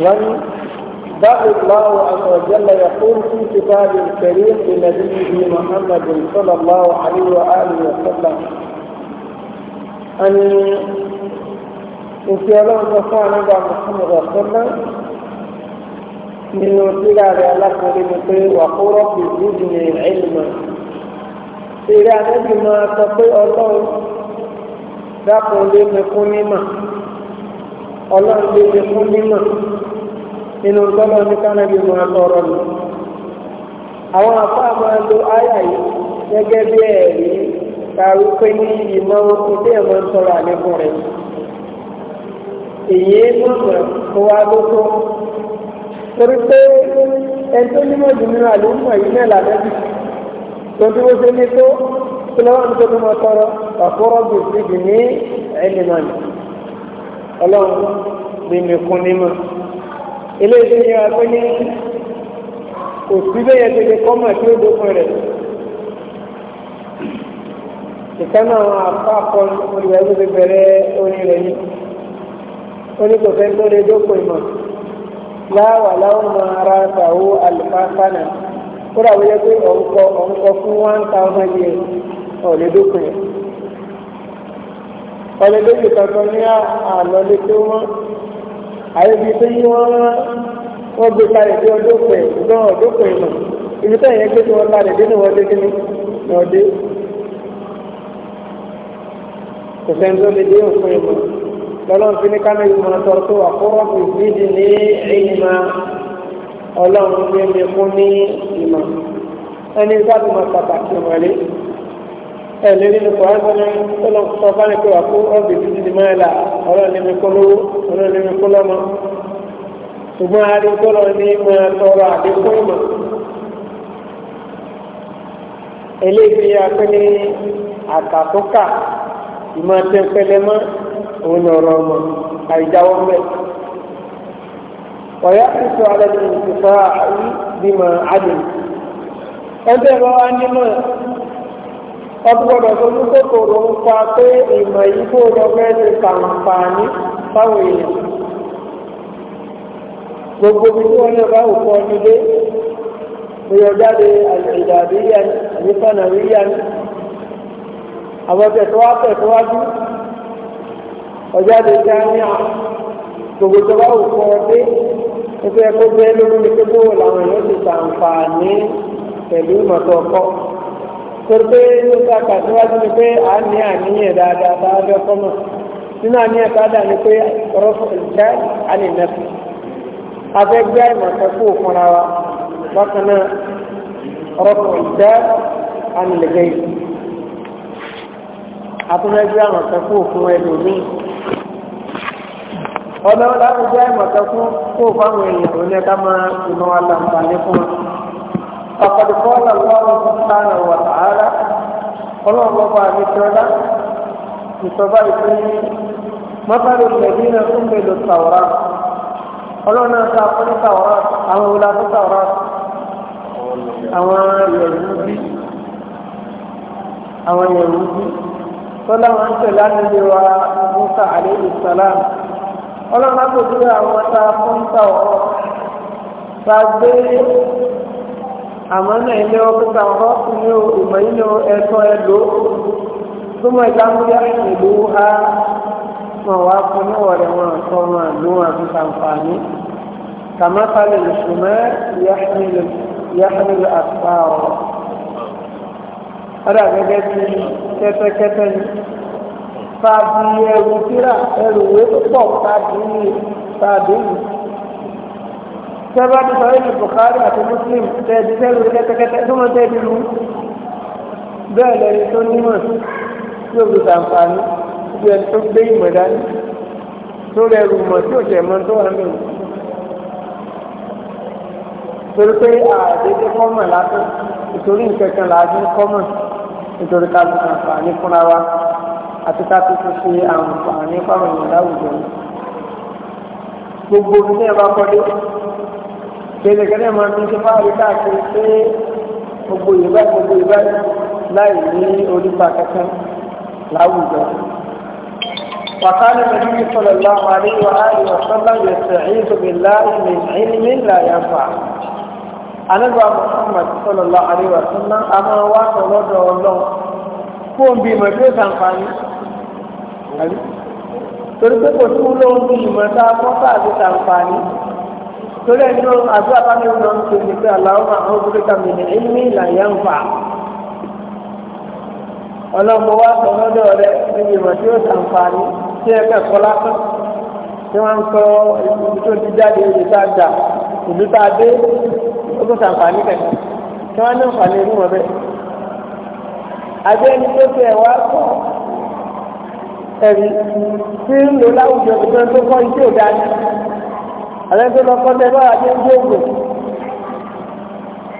وان بل الله عز وجل يقول في كتابه الكريم لنبيه محمد صلى الله عليه واله وسلم ان ìfẹ́ ọlọ́run fún ànágbà muhammed ọ̀sọ́lá nínú síra rẹ̀ alákùnrin ni pé wà kó rọ́pì lójú ní ẹ̀lìmọ̀. síra anábì máa sọ pé ọlọ́run dákun lé mi fún mímọ̀ ọlọ́run lè fi fún mímọ̀ nínú gbọ́dọ̀ ní kánàbí máa tọrọ nù. àwọn àfáà máa lo àyà yìí gẹ́gẹ́ bí ẹ̀rí kàwé pé ní ìmọ̀ ilé ẹ̀mọ́ ń tọrọ àlékún rẹ̀. èyí mọ̀mọ̀ kó wá lóko torí pé ẹni tó nímọ̀ jù nínú àlùmọ̀ yìí náà làbẹ́bí tó dúró sí ní tó kí lọ́wọ́ tó tó máa tọrọ àkórọ́ gbèsè jù ní ẹni náà ọlọ́run mímí kún nímọ̀ ilé iṣẹ́ yẹn wá pé ní kò sí bẹ́yẹ tètè kọ́mọ̀ tí ó dókun rẹ̀ ìkànnà àpapọ̀ olùwẹ̀wò ti bẹ̀rẹ̀ orin rẹ̀ yìí ó ní kò fẹ́ tó lè dókun ìmọ̀ láwà láwọn ọmọ ara ṣàwó àlùfáàfáànà kódà wọ́n yẹ pé ọ̀nkọ fún one thousand years ọ̀ lè dókun yẹn ọlẹ́lẹ́yìn kankan ní àlọ́lé tó wọ́n àyèbí tó yí wọ́n wọ́n gbé kalẹ̀ bí ọdún pẹ̀ gan ọdún pẹ̀ nù ibi tó yẹn gbé tí wọ́n kalẹ̀ dé ní wọ́n dé kíní ní ọdẹ. kò sẹ́ni tó lè dé òfin ìmọ̀ lọ́lọ́run fi ní kánú ìmọ̀ sọ tó àkóràn kò sí di ní ìmọ̀ ọlọ́run fi ń fún ní ìmọ̀ ẹni sábà máa pàtàkì ìmọ̀lẹ́ ẹ̀lẹ́ nínú kọ̀ọ̀rọ̀ sọ́nà ọlọ́sọ bá ní pé wà fún ọ̀bì títí di máa là ọ̀rọ̀ ní mi kólówó ọ̀rọ̀ ní mi kólọ́mọ ṣùgbọ́n a rí tọ́lọ ní máa tọrọ àdékùn ìmọ̀ eléyìí apẹ́ ní àkàtúkà ìmọ̀ òun ọ̀rọ̀ ọmọ àìjáwọ́ mẹ́ ọ̀yá kìsọ̀ alẹ́ ní ìfẹ́ àárí bímọ àdùn ẹgbẹ́ bá wá nímọ̀ ọdúngbọ́dọ̀ tó ní kòkòrò ń pa pé ìmọ̀ yìí kó lọ mẹ́rin kàǹfààní báwo èèyàn gbogbo bí tí wọ́n lè bá òkú ọdún dé ìyọjáde àìsèdàbíyà ni àyífànàwíyà ni àwọn tẹ̀síwájú ọjáde jáníà gbogbo tó bá òkú ọdún dé ó fẹ́ kó bẹ́ẹ̀ lórí ní pé làwọn èèyàn ti ṣàǹfààní pẹ̀lú ìmọ̀tọ̀kọ́. torípé ló ta kàtíwájú ni pé a ní àníyàn dáadáa bá fẹ́ kọ́mọ̀ nínú àníyàn káàdà ni pé rọ́pò ìjẹ́ àlèmẹ́fì afẹ́gbẹ́ ìmọ̀tẹ́kù fúnra wa bákan náà rọ́pò ìjẹ́ àlèmẹ́gẹ́ yìí àtúnẹ́gbẹ́ àmọ̀tẹ́kù fún ẹlòmíì ọlọ́wọ́ láti jẹ́ ìmọ̀tẹ́kù kó fáwọn èèyàn lónìí ká máa ìmọ̀ wa fún فقد قال الله سبحانه وتعالى ọlọ́run bọ́ bá mi tọ́lá ìsọ̀bá ìpínlẹ̀ mọ́tàlù ìgbẹ̀bí náà fún mélòó tàwọ́rá ọlọ́run náà ta fún ní tàwọ́rá àwọn òwúlà fún tàwọ́rá àwọn yẹ̀rù bí àwọn yẹ̀rù bí tọ́lá wọn ń tẹ̀lé ànílé wa àmọ́ náà ilé ọkùnrin àwọn ọkùnrin ìmọ̀ nínú ẹ̀tọ́ ẹ̀lò tó mọ̀ ìdámúyá ìlú ha wọn wá fún níwọ̀ rẹ̀ wọn àtọ́ wọn àlú wọn àti sàǹfààní kàmáfàlẹ̀ ìṣùmọ́ yáhìnlẹ̀ àpá ọ̀rọ̀ ọ̀dà gẹ́gẹ́ bí kẹ́tẹ́kẹ́tẹ́ ni fàbí ẹrù tíra ẹrù wé púpọ̀ fàbí ní fàbí ní sábà tó sọ ìlú Bukhari àti Muslim tẹ̀sí sẹ́rù kẹ́tẹ́kẹ́tẹ́ tó mọ̀ tẹ́ẹ̀dì lù bẹ́ẹ̀ lẹ́yìn tó nímọ̀ yóò fi sàǹfààní bí ẹni tó gbé ìmọ̀ dání tó rẹrù mọ̀ tí ò tẹ̀ mọ́ tó wà nínú torí pé àdédé kọ́mọ̀ lásán ìtorí nǹkankan làájú kọ́mọ̀ nítorí ká lè àǹfààní fúnra wa àti ká tó ṣe àǹfààní fáwọn èèyàn láwùjọ gbogbo ní ẹ kéde kẹ́lẹ́ máa ní ṣe fáwọn ìta àti pé gbogbo ìbá gbogbo ìbá láì ní onípa kankan láwùjọ. وقال النبي صلى الله عليه وآله وسلم يستعيذ بالله من علم لا ينفع anagba muhammad sallallahu alaihi wa sallam a máa wá sọ̀rọ̀ dọ̀ ọlọ́run kó torí pé kò tún lóun bí ìmọ̀ tá a kọ́ torí ẹni náà àdúrà bá mi lọ sí ní pé aláwọ̀ àwọn obìnrin mi ní ẹ̀mí làyà ń fà. ọlọ́mọ wa sọ lọ́dọ̀ rẹ níbi ìmọ̀ tí ó sàǹfààní tí ẹ kẹ́kọ̀ọ́ lásán tí wọ́n ń kọ́ ibi tó ti jáde ìlú tá a dà ìlú tá a dé ó tó sàǹfààní kẹ̀kẹ́ tí wọ́n ní ìfàní irú wọn àbí ẹni tó fi ẹ̀wá kọ́ ẹ̀rí tí ń lò láwùjọ tó tó kọ́ iṣẹ́ ìdáná àbẹ́ńtó lọ kọ́ tẹ báwa jẹ́ ojú ògùn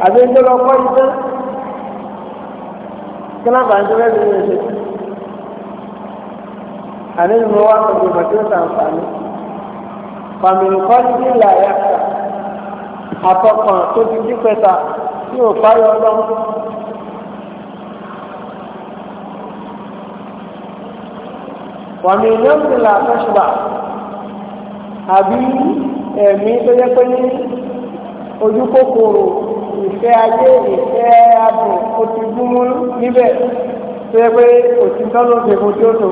àbẹ́ńtó lọ kọ́ iṣẹ́ kí náà bá ń tó lẹ́nu ní ẹ̀ṣẹ̀ àní ni mo wá pẹ̀lú màtíọ́sà àǹfààní pàmìlì kọ́ sí ìlà yàtọ̀ àtọkàn tó ti dí pẹ́ta tí ò fáyọ ọlọ́run. wàmí ìyọ́nsìn là àtọ́ṣùbà àbí ẹ̀mí tó yẹ pé ní ojú kòkòrò ìfẹ́ ayé ìfẹ́ abùn ó ti gúnmú níbẹ̀ tó yẹ pé òtítọ́ ló ṣe fún tí ó tó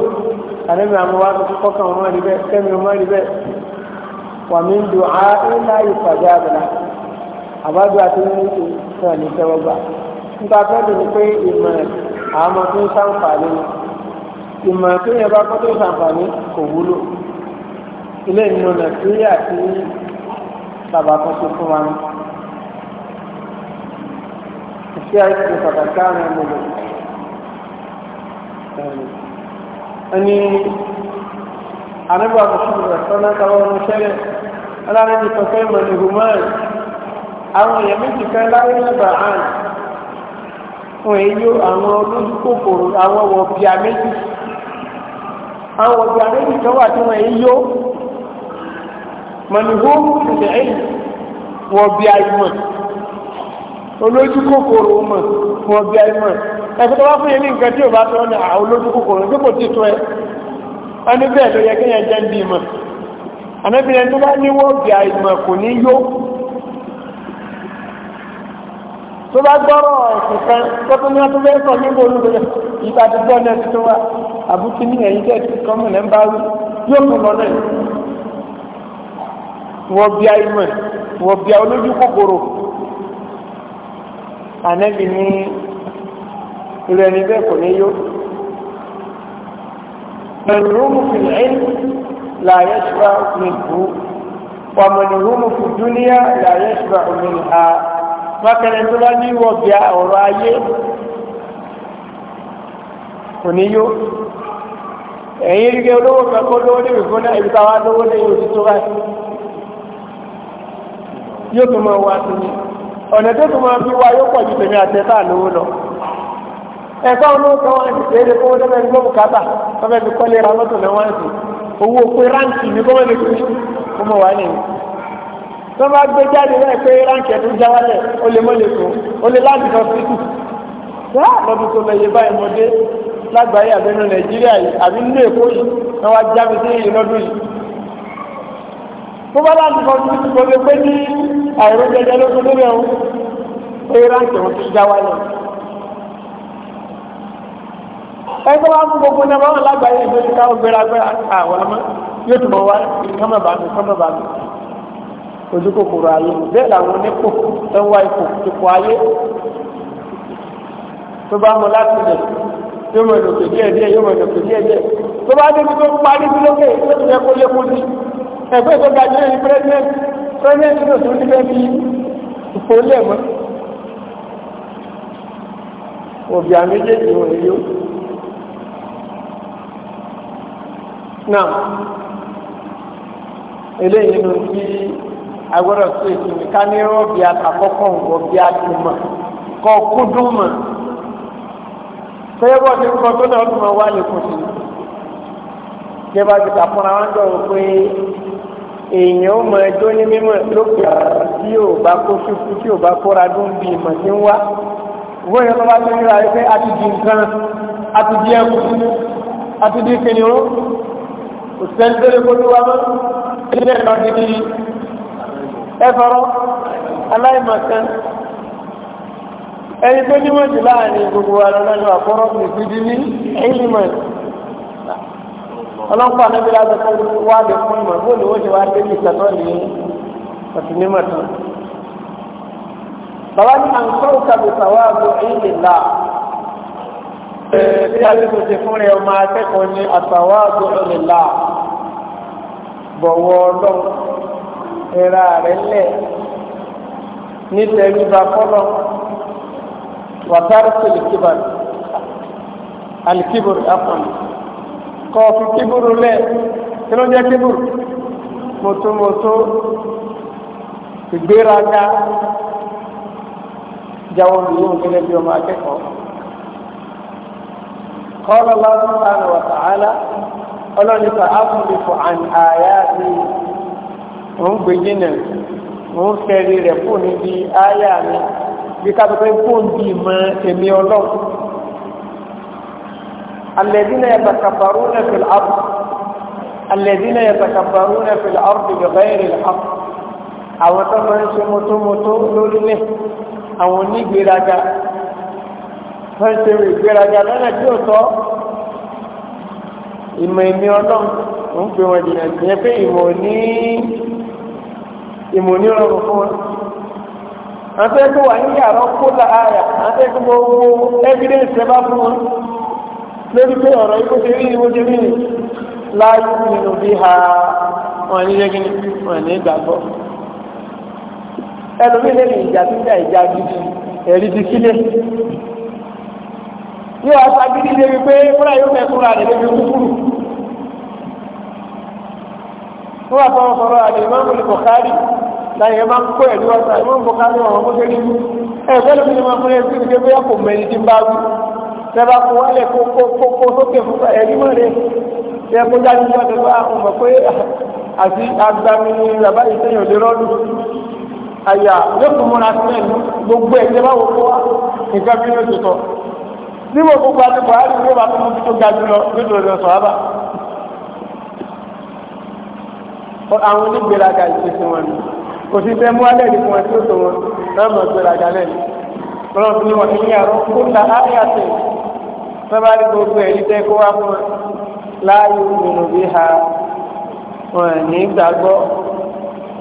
àdébí àwọn wa tó kọ́kàn wọn rí bẹ́ẹ̀ kẹ́mi wọn rí bẹ́ẹ̀ wà mí ń dùn á ńlá ìpàdé àbẹ̀là àbájọ àti ní ní fẹ́ dùn ní pé ìmọ̀ àwọn ọmọ tó ń sàǹfààní ìmọ̀ tó yẹ bá ilé ìmọ̀ nàìjíríà tí bàbá kan ṣe fún wa ní. ìṣe àìsàn pàtàkì àwọn ọmọ rẹ̀ ẹni anábà mùsùlùmí rẹ̀ sọ́nà káwọn ọmọ ṣẹlẹ̀ aláàrẹ̀ ní pẹ̀pẹ́ ìmọ̀ ní humani àwọn èèyàn méjì kan láwọn ìlú àánì fún èyí àwọn olójúkòkòrò àwọn wọ̀bìà méjì àwọn wọ̀bìà méjì kan wà tí wọ́n èyí yóò mọ̀nìwó ṣẹ̀ṣẹ̀ ẹ̀yìn wọ́n bí àìmọ̀ olójú kòkòrò mọ̀ wọ́n bí àìmọ̀ ẹ̀fẹ́ tó wá fún yẹn ní nǹkan tí ò bá tọ́ ní àwọn olójú kòkòrò tí kò títọ́ ẹ wọ́n ní bẹ́ẹ̀ ló yẹ kí yẹn jẹ́ ń bí mọ̀ àmẹ́bìnrin tó bá ní wọ́n bí àìmọ̀ kò ní yó tó bá gbọ́rọ̀ ẹ̀sìn kan tó tún ní wọ́n tún fẹ́ sọ níbo olúdó ìgbà tó gbọ́ náà tó wá àbúkí ní ẹ̀yìn tẹ́ẹ̀tì kọ́mù lẹ́ ń bá wí yóò tún lọ náà tí wọ́n bí àìmọ̀ tí wọ́n bí olójú kòkòrò ànẹ́bì ní irú ẹni bẹ́ẹ̀ kò ní yó mẹ̀rùnrùnmù fi ẹ̀yìn láyé ṣúra nìbú wà mẹ̀rùnrùnmù fi tó bá ní wọ̀bíà ọ̀rọ̀ ayé kò ní ẹ̀yìn rí olówó kan kó lówó níbi fún náà ibi táwa lówó lẹ́yìn òtítọ́ báyìí yóò tún máa wá sí ọ̀nà tó tún máa fi wá yóò pọ̀ ju tèmi àtẹ́tà lówó lọ ẹ̀fọ́ olóòótọ́ wọn ti ṣeré kó wọ́n tẹ́lẹ̀ gbọ́ bùkátà wọ́n fẹ́ fi kọ́lé ra lọ́tọ̀ náà wọ́n ti owó pé ráǹkì ní kọ́mọ́ lè fi kó mọ̀ wá nìyí tó bá gbé jáde náà pé ráǹkì ẹ̀dùn já wálẹ̀ ó lè mọ́ lè àbẹ́nu Nàìjíríà yìí àbí nílé Èkó yìí wọ́n wá já sí ìlú yìí tó bá láti kọ́ sí kò lè pé ní àìrò jẹjẹ ló tó lórí ẹ̀hún eré ráǹkì wọn ti já wáyé. ẹgbẹ́ wa fún gbogbo ní ọmọ alágbàáyé ìgbé ní káwọn gbéra gbéra àwọn ọmọ yóò tún bọ̀ wá ìkámẹ́bàmí kámẹ́bàmí ojú kòkòrò ayé bẹ́ẹ̀ làwọn onípò tó ń wá ipò ipò ayé tó bá mọ láti lẹ̀ yóò mọ̀ lòkè díẹ̀ díẹ̀ yóò mọ̀ lòkè díẹ̀ díẹ̀ tó bá débi tó parí bí lókè tó ti yẹ kó lékún ẹ̀fẹ́ tó ga jẹ́ president president tó tún ti fẹ́ fi ìfòlẹ̀ mọ́ òbí àmì méjèèjì wọn yóò náà eléyìí ló ti agbọ́dọ̀ sí ìsinmi ká ní rọ́ọ̀bì àtàkọ́kọ́ nǹkan bí a ti mọ̀ kọ́ kúndùn mọ̀ fẹ́ẹ́ bọ́ọ̀dù tó náà ó máa wá lè kùn ṣé bá ti kàfúnra wọn jọ wò pé èèyàn ó mọ ẹjọ́ ní mímọ̀ lókè tí yóò bá kó ṣubú tí yóò bá kóra dún bí ìmọ̀ tí ń wá wọ́n yẹn tó bá tó níra pé a ti di nǹkan a ti di ẹkú a ti di kìnìún kò sẹ́ńtẹ́rẹ́ kó lúwa mọ́ ilé ẹ̀rọ gidi ẹ̀fọ́rọ́ aláìmọ̀kan ẹni tó nímọ̀ jù láàrin gbogbo wa lọ́nà àkọ́rọ́ mi fi di ní ẹ̀yìn mọ̀ ọlọ́pàá níbi láti fún wáàdì fún ìmọ̀ bó ni wọ́n ṣe wá dé nìkan náà ní ọ̀sìn ní mọ̀tò. bàbá ní àǹkọ́ òkàbí sàwọ́ àgbo ẹ̀yìn lè bí a ti tó fún rẹ̀ ọmọ akẹ́kọ̀ọ́ ní àtàwọ́ àgbo ẹ̀yìn lè bọ̀wọ́ ọlọ́run ẹ̀ra rẹ̀ lẹ̀ nítorí bá fọ́lọ́ wàtárì tó lè kíbar kọ́ fi kíburu lẹ̀ kí ló ń jẹ́ kíburu mọ̀tòmọ̀tò ìgbéraga jáwọ́ nìyóò gẹ́gẹ́ bí ọmọ akẹ́kọ̀ọ́. قال الله سبحانه وتعالى ọlọ́ni fa áfùlùfù àyà rí òun gbé jìnà òun fẹ́rí rẹ̀ fún níbi áyà mi bí ká pẹ́ fún bí mọ́ èmi ọlọ́run الذين يتكبرون في الأرض الذين يتكبرون في الأرض بغير الحق أو تفرس متمتو لله أو نجرجا fẹsẹrì ìgbéraga lọ́nà tí ó tọ́ ìmọ̀ èmi ọlọ́run ń pè wọ́n jìnnà sí ẹ pé ìmọ̀ ní ìmọ̀ ní ọrùn fún wọn. àti ẹgbẹ́ wà ní yàrá kó la àyà àti ẹgbẹ́ gbogbo evidence ẹ bá fún wọn lórí pé ọ̀rọ̀ ikú ṣe rí ìwé ṣe rí ni láàyè nínú bí ha wọn ní yẹ́gí wọn ní ìgbàgbọ́ ẹlòmí lè ní ìjà tó ń jà ìjà gidi ẹ̀rí ti sílẹ̀ yóò wá sagídí débi pé fúnra yóò fẹ́ fúnra rẹ̀ débi kúkúrú wọ́n wá sọ̀rọ̀ sọ̀rọ̀ àdè máa ń wọlé bọ̀kárì láyé máa ń kó ẹ̀rí wọ́n sọ̀rọ̀ máa ń bọ̀kárì wọn wọ́n kó ṣe rí ẹ̀fẹ́ lómi ni máa fún ẹ̀ tẹ́bá kó wálẹ̀ kó kó kó kó sókè fún ẹ̀rí mọ́ rẹ̀ tẹ́ kó jáde ní ọ̀dọ̀ bá àwọn ọmọ pé àti agbami ni bàbá yìí sẹ́yìn òde rọ́ọ̀lù àyà yóò tún múra sílẹ̀ gbogbo ẹ̀ tẹ́bá wò kó wá nǹkan bí yóò tutọ̀ níbo gbogbo àti buhari yóò bá tún tó ga jùlọ nínú ọ̀dọ̀ sọ̀hábà àwọn onígbèraga ìṣesí wọn ni kò sí fẹ́ mú alẹ́ ìfún ẹ̀ tó tó wọn lọ́mọ gbèraga lẹ́nu lọ́mọ bí wọn ní ẹ̀rọ kó ta áyà tẹ̀ sábà ní gbogbo ẹ̀yìn tẹ́ kó wá fún láàyò nínú bí ha wọn ní gbàgbọ́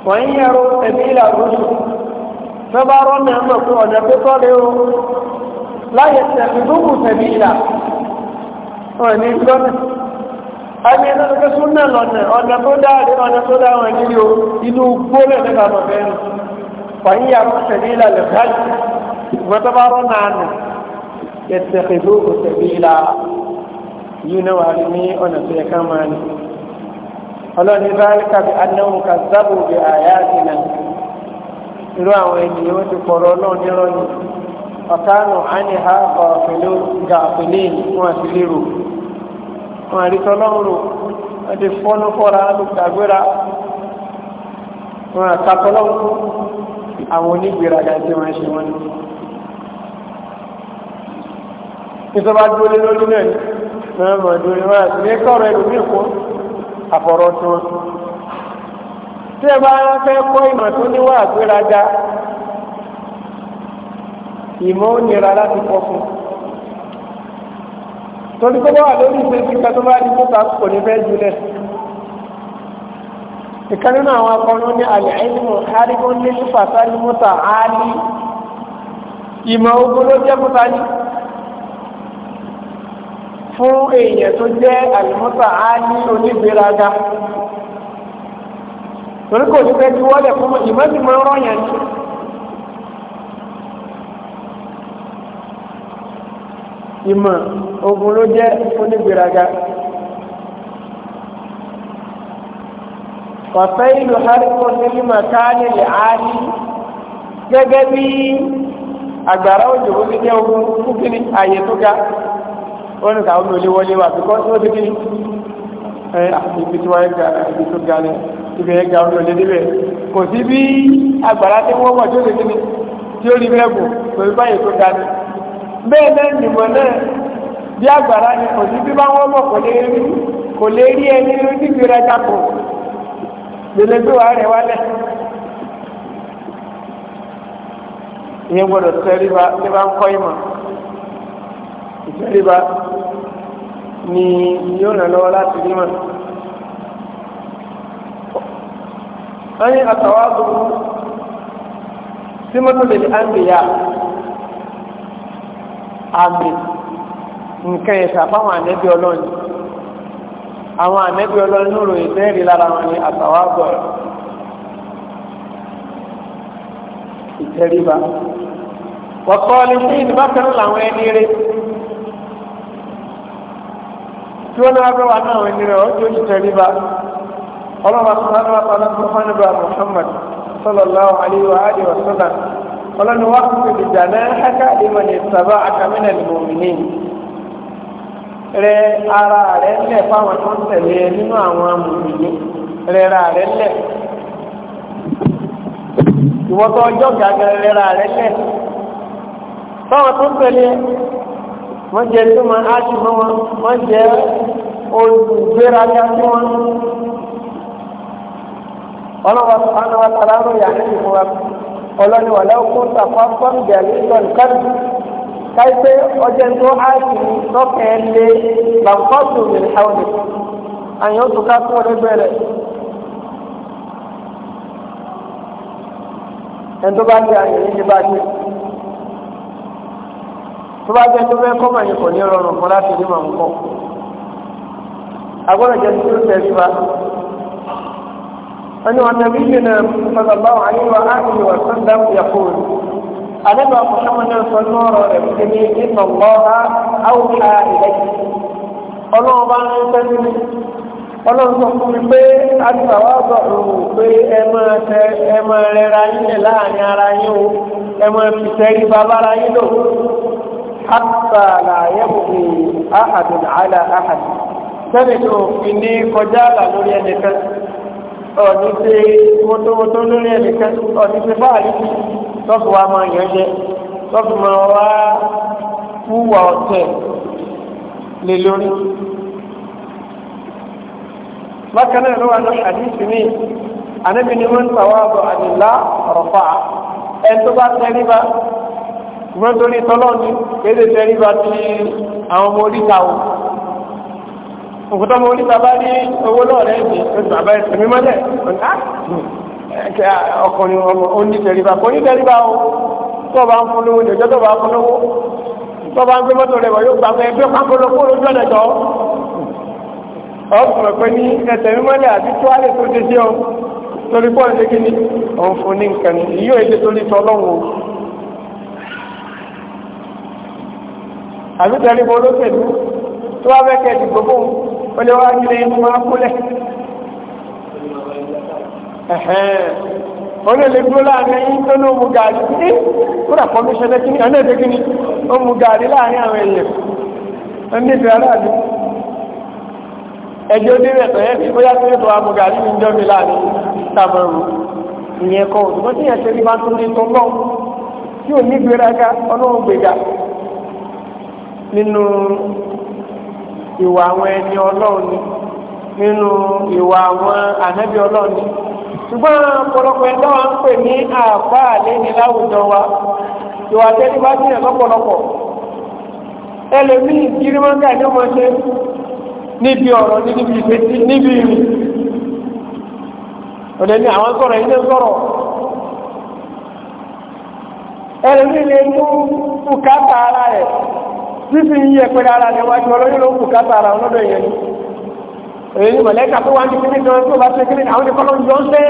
wọ́n ń yẹ̀rọ ẹ̀mí ìlàrúṣù sábà rọ́nà ẹ̀mọ̀ fún ọ̀nà pípọ́ rẹ o láyé tẹ̀lé gbogbo tẹ̀lé ìlà wọn ní lọ́nà àmì ẹ̀nà tó kẹ́sùn náà lọ́nà ọ̀nà tó dáadé ọ̀nà tó dáa wọn nílò inú gbólẹ̀ nígbà mọ̀ bẹ́ẹ̀ wọ́n ń yẹ̀rọ tẹ̀lé ìlà lẹ́gbàá yẹtẹkẹdó òtẹbíla yìí náà wà ní ọ̀nà tó yẹ ká máa ní ọlọ́ni báyìí kàbí anáwó ka zábò bí àyà àdínà irú àwọn ènìyàn ó ti pọ̀rọ̀ náà nírọ̀ ni ọ̀kánù àníhà ọ̀pẹ̀lú gàpẹ̀lẹ́ fún àtìlérò wọn àrísọ lọ́rùn wọn ti fọ́nú fọ́ra lùgbàgbéra wọn àkàtọ́ lọ́rùn àwọn onígbèraga tí wọ́n ṣe wọ́n ní nítorí bá dúró lé lórí náà ni wọ́n mọ̀ dúró wọn àti ní kọ́rọ̀ ẹlòmíì kún àfọ̀rọ̀ tí wọn. tí ẹ bá fẹ́ kọ́ ìmọ̀ tó níwọ̀ àgbéraga ìmọ̀ ó nira láti kọ́ fún un torí tó bá wà lórí ìfẹ́sí ká tó bá rí tó ta kò ní fẹ́ jùlẹ̀ ìkan nínú àwọn akọrin ní alẹ́ẹ̀lìmọ̀ harigun ní fàtàlì mọ́ta áálí ìmọ̀ ogun ló jẹ́ mọ́ta ní fún èèyàn tó jẹ́ àlùmọ́tà á ní onígbéraga torí kò ní fẹ́ ti wọ́lẹ̀ fún ìmọ̀tì mọ́ rọ́yàn ni. ìmọ̀ ogun ló jẹ́ onígbéraga. kọ̀fẹ́ ìlú harikó nílí màkáàlì lè áàlì gẹ́gẹ́ bí àgbàrá òjò ó ti jẹ́ ogun fúkìní àyè tó ga. wọ́n ní káwọn olè wọlé wà bí kọ́sí wọ́n ti kí ẹ ibi ibi tó ga ni ibi ga olè kò sí bí agbára tí wọ́n wọ̀ tí ó ti kí ni tí ó rí báyìí tó ga ni bẹ́ẹ̀ náà náà bí agbára ni kò sí bí bá wọ́n kò lè rí ẹni ní ojú ni yóò ràn lọ́wọ́ láti rí mọ̀. wọ́n ní àtàwọn àbúrò sí mọ́tò lè àǹbìyà àmì nǹkan ẹ̀sà fáwọn ànẹ́bí ọlọ́ni àwọn ànẹ́bí ọlọ́ni ló ròyìn bẹ́ẹ̀rì lára wọn ni àtàwọn àbọ̀ ìtẹríba wọ́pọ̀ ní sí ìdíbákan làwọn ẹni rẹ̀ tí wọ́n náà bẹ́wà náà wọ́n nírẹ̀ ọjọ́ ìṣẹ́ ríbá ọlọ́wà sọ́nà wà pàdán tó fọ́nà bá Muhammad sallallahu alaihi wa alihi wa sallam ọlọ́ni wà kò fi dìjà náà haka ìmọ̀ ní sábà àkàmínà lùmọ̀mìnì rẹ ara rẹ lẹ̀ fáwọn tó ń tẹ̀lé nínú àwọn amòmìnì rẹ ra rẹ lẹ̀ ìwọ́tọ̀ ọjọ́ gàgà rẹ ra rẹ lẹ̀ fáwọn tó ń tẹ̀lé wọ́n jẹ́ tó máa á ti mọ́ wọn wọ́n jẹ́ olùgbéraga tí wọ́n ní. ọlọ́wọ́ sọ́nà wa ọlọ́ni wà ọjọ́ tó lọ́kẹ́ lé àwọn àyàn tó ká fún ọdẹ bẹ̀rẹ̀. bá di yìí bá tó bá jẹ́ tó fẹ́ kọ́ ní kò ní rọrùn fún láti أقول jẹ́ tó tẹ̀lé wa wani wa الله sallallahu alaihi wa alihi wa sallam yaqul alaba muhammadu sallallahu alaihi wa sallam inna allaha awha ilayhi ọlọ́run bá ń tẹ́lú mi ọlọ́run sọ fún mi pé àtàwọn ọ̀rọ̀ pé ẹ máa tẹ ẹ máa rẹra yín láàrin ara yín o ẹ máa fi tẹ́rí babára yín lò hàtà làyẹ̀wò àhàdùn àhàdùn sẹ́ni tó fi ní kọjá àlà lórí ẹnìkan ọ̀ní ṣe wótówótó lórí ẹnìkan ọ̀ní ṣe báàrí tọ́pù wa máa yàn jẹ tọ́pù máa wá wúwà ọ̀tẹ̀ lè lórí. bákan náà ló wà ní àdìsí mi ànábi ni wọ́n ń tàwa bọ̀ àdìlá ọ̀rọ̀fà ẹni tó bá tẹ́rí bá wọ́n torí tọ́lọ́ọ̀ni kéde tẹ́rí bá ti àwọn ọmọ oríta o òkúta ọmọ oníta bá ní owó náà rẹ̀ ní oṣù bàbá ẹ̀ tẹ̀mí mọ́lẹ̀ ah! ọkùnrin ọmọ onítẹ̀ríba kò onítẹ̀ríba o tó bá ń fún lówó ìjọjọ́ tó bá fún lówó tó bá ń gbé mọ́tò rẹ̀ wọ̀ yóò gbà pé ẹgbẹ́ pápọ́lọpọ́ lójú ọ̀nà jọ ọkùnrin pé ní ẹtẹ̀mí mọ́lẹ̀ àti tuwálé tó ti ṣe o torí bọ́ọ̀lù ṣe kí ni òun fún ní nǹkan ní ìyó èdè torí tọ́lọ́wọ́ àbí tẹ̀lé olóṣèlú tó wá fẹ́ kẹ́ ẹ̀dì olè wá kílẹ̀ inú máa kúlẹ̀ olè lè dúró láàrin yín tó ló mu gàrí ní kúrà kọmíṣánná kíní àná èdè kíní ó mu gàrí láàrin àwọn èèyàn ó ní ìfẹ́ aráàlú ẹjọ́ dérẹ̀ tọ̀yẹ́ fi bóyá tó yẹ̀tọ̀ àmù gàrí ní ìjọ́ mi láàrin ìwà àwọn ẹni ọlọ́run ni nínú ìwà àwọn ànábì ọlọ́run ni ṣùgbọ́n ọ̀pọ̀lọpọ̀ ẹni táwọn ń pè ní láwùjọ wa ìwà tẹ́lí bá sílẹ̀ lọ́pọ̀lọpọ̀ ẹlòmíì kirimáńgà ni ó máa ṣe níbi ọ̀rọ̀ níbi ìfẹ́sí níbi ìrìn ọ̀dẹ̀ ni àwọn sọ̀rọ̀ ilé sọ̀rọ̀ ẹlòmíì lè mú fífi ń yẹ pé ara rẹ̀ wájú ọlọ́yìn ló kù kápá ara ọlọ́dọ̀ yẹn ni èyí ni mọ̀lẹ́ka tó wá ní kíní kan tó bá ṣe kíní àwọn ní kọ́lọ́ ń jọ ń lé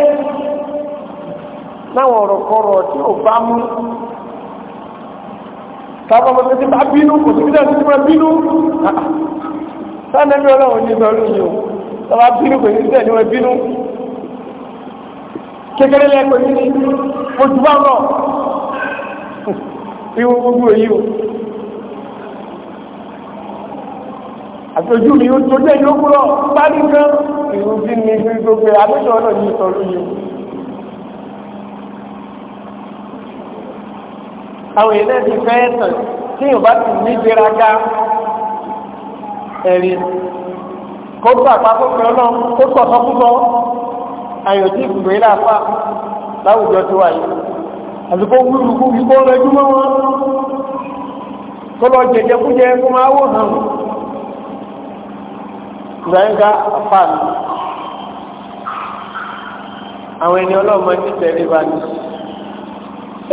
láwọn ọ̀rọ̀ kọ̀rọ̀ tí ò bá mú sábà mọ̀ sí bá bínú kò sí bídà sí máa bínú sáàlẹ́bí ọlọ́run ní ìbẹ̀rù yìí o sábà bínú kò sí bídà ní wọ́n bínú kékeré lẹ́kọ̀ọ́ yìí ni mo jù bá rọ̀ ìwọ gbogbo èyí o àtọ́jú mi tó jẹ́ ìlókúrọ̀ parí kan ìlú tí mi fi gbogbo àbẹ́sọ̀ ọ̀nà yìí sọ o àwọn èèyàn ti fẹ́ tàn tí yóò bá ti ní gbéraga ẹ̀rí kó gbà pápọ̀ pé ọlọ́run kó tọ̀ sọ́kúsọ́ àyàn tí ìgbìmọ̀ yìí láfa láwùjọ tó wà yìí àsìkò wúlùkú yìí kó rẹjú mọ́ wọn kó lọ jẹjẹ kújẹ kó máa wò hàn ìgbàyẹn ká apá mi àwọn ẹni ọlọ́mọ nítẹ̀rí bá mi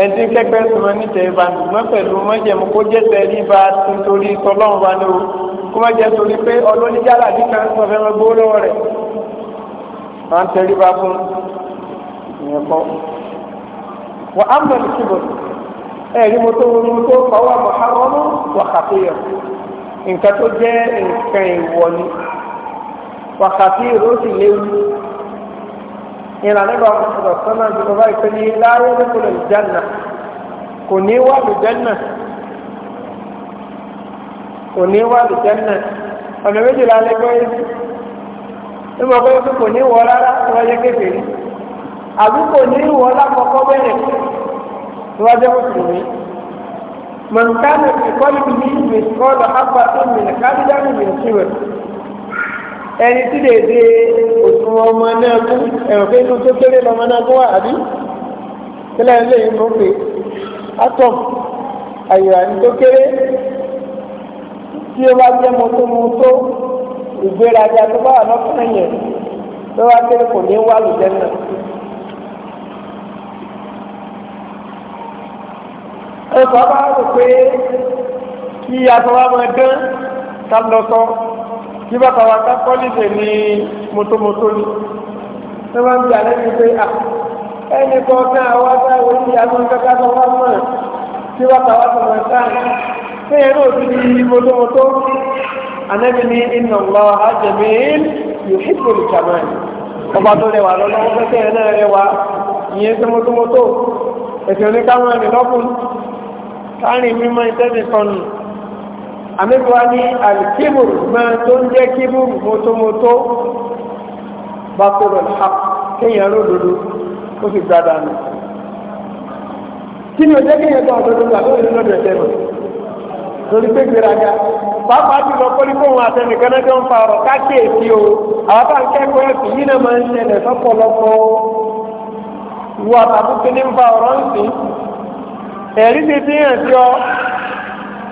ẹtí kẹgbẹ́ sọmọ nítẹ̀rí bá mi ṣùgbọ́n pẹ̀lú mọ́jẹ̀mú kó jẹ́ tẹ̀rí bá nítorí tọlọ́run bá ní o kó má jẹ́ torí pé ọlọ́níjàlá bí kan sọ fẹ́ mọ́ gbówó lọ́wọ́ rẹ̀ máa ń tẹ̀rí bá fún ìyẹn kọ́ wà á mọ̀ ní kíbọ̀ ẹ̀rí mo tó wọn mo tó fọwọ́ àbọ̀ àrọ́nú wà kàfíyà nǹkan tó jẹ́ nǹkan ìwọ ni wàkàtí ìró sì léwu ìlànà ìbá wọn sọ̀rọ̀ sọ́nà ìjọba báyìí pé ní láyé ní kò lè jẹ́nà kò ní wà lè jẹ́nà kò ní wà lè jẹ́nà ọ̀nà méjìlá lè gbọ́ yìí nígbà pé pé kò ní wọ rárá tó wáyé kékeré àbí kò ní wọ lákọ̀ọ́kọ́ bẹ̀rẹ̀ tó wájẹ́ mùsùlùmí mọ̀nkánà ìkọ́lù mi ìgbésí kọ́ lọ́ ẹni tí lè dé òtún ọmọ náà kú ẹ̀rùn pé inú tó kéré lọmọ náà kú wà àbí kílẹ̀ ń lè inú pé atom àyèrà ní tó kéré tí ó bá jẹ́ mọ́tò mọ́tò ìgbéraga tó bá wà lọ́kàn yẹn ló wá kéré kò ní wà lùjẹ́ náà. ẹ̀fọ́ bá rò pé kí aṣọ wa máa dán ká lọ sọ kí bàbá wa ká kọ́lídé ní mọ́tòmọ́tò ni wọ́n máa ń gbà lẹ́nu pé à ẹnì kọ̀ọ̀kan àwọn aṣáájú ní àwọn kẹ́kẹ́ tó wá mọ̀ kí bàbá wa tó máa sáà ṣé ẹ̀rọ òbí ní mọ́tòmọ́tò anẹ́bí ní iná ńlọ ajẹ̀mí yóò hípò lè kà máa ọba tó rẹwà lọ́lọ́wọ́ pẹ́kẹ́ ẹ̀ náà rẹwà ìyẹn tó mọ́tòmọ́tò ẹ̀sìn oníkàwọn ẹ̀rìn lọ́kùn káàrin àmẹ́bíwá ní alkibur máa tó ń jẹ́ kíbur mọ́tòmọ́tò bákòrò hap kéèyàn lódodo ó sì gbá dànù kí ni ó jẹ́ kéèyàn tó àtọ́jú gbà tó lè lọ́dọ̀ ẹ̀tẹ́ mọ̀ lórí pé gbéraga pàápàá ti lọ kọ́lí fóun àtẹnìkan náà tó ń fa ọ̀rọ̀ kákèéfì o àwọn bá ń kẹ́kọ̀ọ́ ẹ̀sìn yìí náà máa ń ṣẹlẹ̀ sọ́pọ̀lọpọ̀ ìwọ àtàkùn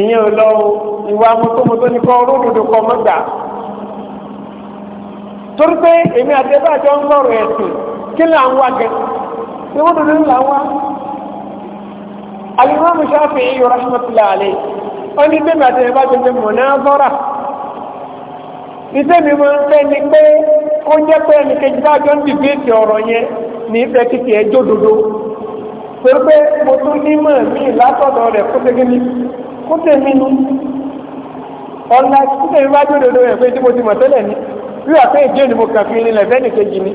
ìyẹn ò lọ ìwà mọ́tòmọ́tò ní kọ́ ródòdó kọ́ mọ́gbà torí pé èmi àti ẹgbẹ́ àjọ ń lọ́rọ̀ ẹ̀sìn kí ni à ń wá gẹ̀ ṣé wọ́n dòdò ńlá wá. alimami Shafi'i rahmatullahi alayhi ó ní bẹ́ẹ̀ mi àti ẹgbẹ́ àjọ ń jẹ mọ̀ náà bọ́ra ìfẹ́ mi máa ń ni pé ó jẹ́ pé ẹnìkejì bá jọ ń dìbéètì ọ̀rọ̀ yẹn ní ìfẹ́ kìkì ẹ̀ jódodo pé pé mo tún ní mọ̀ mí látọ̀dọ̀ rẹ̀ kó kó tèmi nu ọ̀la kó tèmi bá jó dodo rẹ̀ pé tí mo ti mọ̀ tẹ́lẹ̀ ni wíwà pé ìdí òní mo kàn fi nílẹ̀ fẹ́ni kejì ni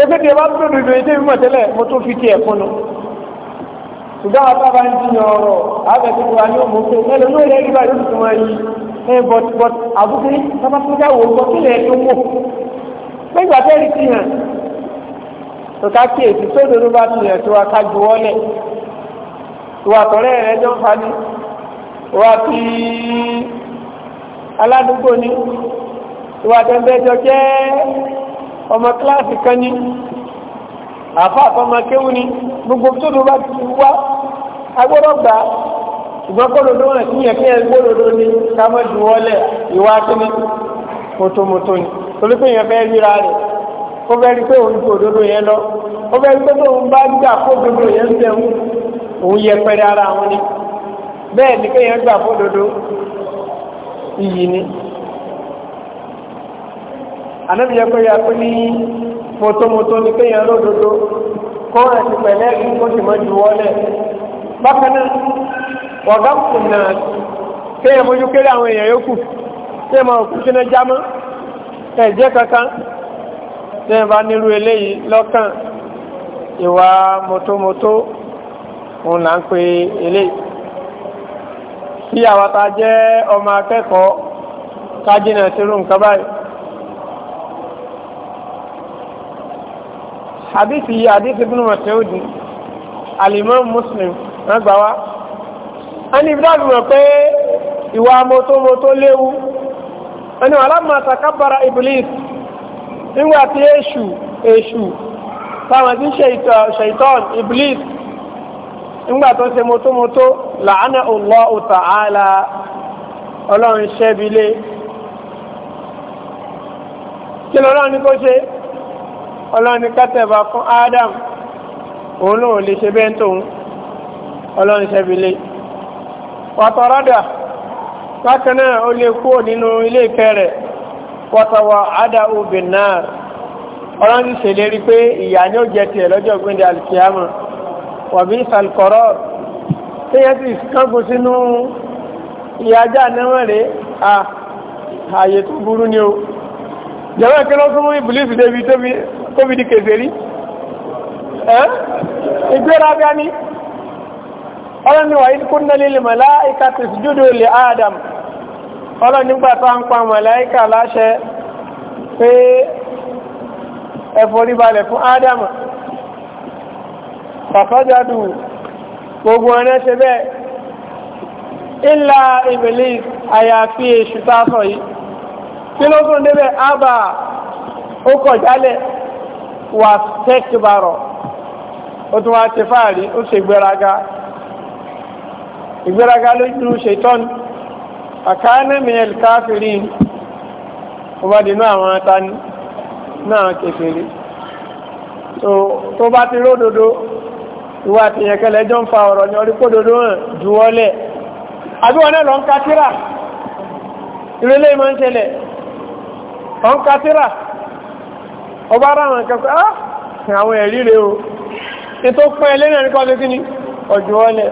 ẹgbẹ́ tí ẹ bá tó dodo ìdí mi mọ̀ tẹ́lẹ̀ mo tún fi tiẹ̀ fún un ṣùgbọ́n apá bá ń jiyàn ọ̀rọ̀ àbẹ̀tẹ̀ wa ni ó mú pé ẹlòmíràn ilẹ̀ ìgbà yóò tún máa yí ẹ bọ̀t bọ̀t àbúkú sábàtúndà wò gbọ́ kílẹ̀ ẹ̀ tó wò nígbà tẹ́lẹ̀ ti hàn tó ká kíyèsí tó dodo bá ti hàn tó wa wá kí aládùúgbò ní ìwà tẹ́ńbẹ́jọ jẹ́ ọmọ kíláàsì kan ní àfa àfọmọ kéwù ní gbogbo tó ló bá ti wá agbọ́dọ̀ gbà ṣùgbọ́n kọ́ lódó rẹ̀ kí yẹn kí yẹn gbọ́dọ̀ ní ká mọ́ ju wọlé ìwà kíní mọ́tòmọ́tò ni torí pé yẹn fẹ́ ríra rẹ̀ ó fẹ́ rí pé òun ju òdodo yẹn lọ ó fẹ́ rí pé tóun bá gbà kó òdodo yẹn ń bẹ́ẹ̀ ni kéèyàn gbà fódodo iyì ni ànábìyẹ pé ya pé ní mọ́tòmọ́tò ni kéèyàn lódodo kó rẹ̀ ti pẹ̀lẹ́ kí kó sì mọ́ ju wọlé bákan náà wọ̀gá kù náà kéèyàn mójú kéré àwọn èèyàn yókù kéèyàn máa kú sínú jámọ́ ẹ̀jẹ̀ kankan tẹ́yìn bá nírú eléyìí lọ́kàn ìwà mọ́tòmọ́tò òun là ń pe eléyìí. kí àwa tá jẹ́ ọmọ akẹ́kọ̀ọ́ ká jìnà sírú nǹkan báyìí. hadith yìí hadith ibn Mas'ud Muslim wọ́n gbà wá. a pé ìwà mọ́tòmọ́tò léwu wọ́n ní alamma Iblis nígbà tí èṣù èṣù táwọn ti ń ṣe ìtọ́ Iblis ńgbà tó ṣe moto làánà Allahu ta'ala ọlọ́run ṣẹ́bilé kí lọ́lọ́run ní kó ṣe ọlọ́run ní kátẹ̀bà fún Adam òun lòun lè ṣe bẹ́ẹ̀ tóun ọlọ́run ṣẹ́bilé wàtọ̀rọ̀dà bákan náà ó lè kúrò nínú ilé ìfẹ́ rẹ̀ wọ́tọ̀wọ̀ àdá obìnrin náà ọlọ́run ṣèlérí pé ìyà ni ó jẹ tiẹ̀ lọ́jọ́ gbẹ́ndẹ̀ wàbí ìsàlùkọ́rọ́ téèyàn sì kángun sínú ìyájà náà rèé à ààyè tó burú ni o jẹ́wọ́ kí ló fún ìbùlífù débi tó fi di kèfèrí ìgbéraga ni ọlọ́ni wà ìdíkún nílé lè màláìka ti sùjúdò lè Adam ọlọ́ni gbà tó ń pa màláìka láṣẹ pé ẹ forí balẹ̀ fún Adam fàfájádù gbogbo ọ̀nà ṣe bẹ́ẹ̀ ìlà ìbìlìs àyàfi èṣù tásọ̀ yìí kí ló tún débẹ̀ ábà ó kọ̀jálẹ̀ wà tẹ́kìbàrọ̀ ó tún wá ti fáàrí ó ṣe ìgbéraga ìgbéraga lójú ṣètọ́n àkáánẹ́mìyàn káfìrí ó bá dínú àwọn atání náà kèfèrè tó bá ti ródòdó ìwà àtìyẹ̀kẹ́lẹ̀ jọ ń fa ọ̀rọ̀ ní orí kódòdó hàn juwọ́lẹ̀ àbí wọn náà lọ ń ka tírà ìrẹ́lẹ̀ ìmọ̀ ń ṣẹlẹ̀ ọ ń ka tírà ọba ara àwọn kẹfẹ́ á ah, àwọn ẹ̀rí rẹ̀ o ètò pẹ́ ilé náà nípa lókí ni ọ̀juwọ́lẹ̀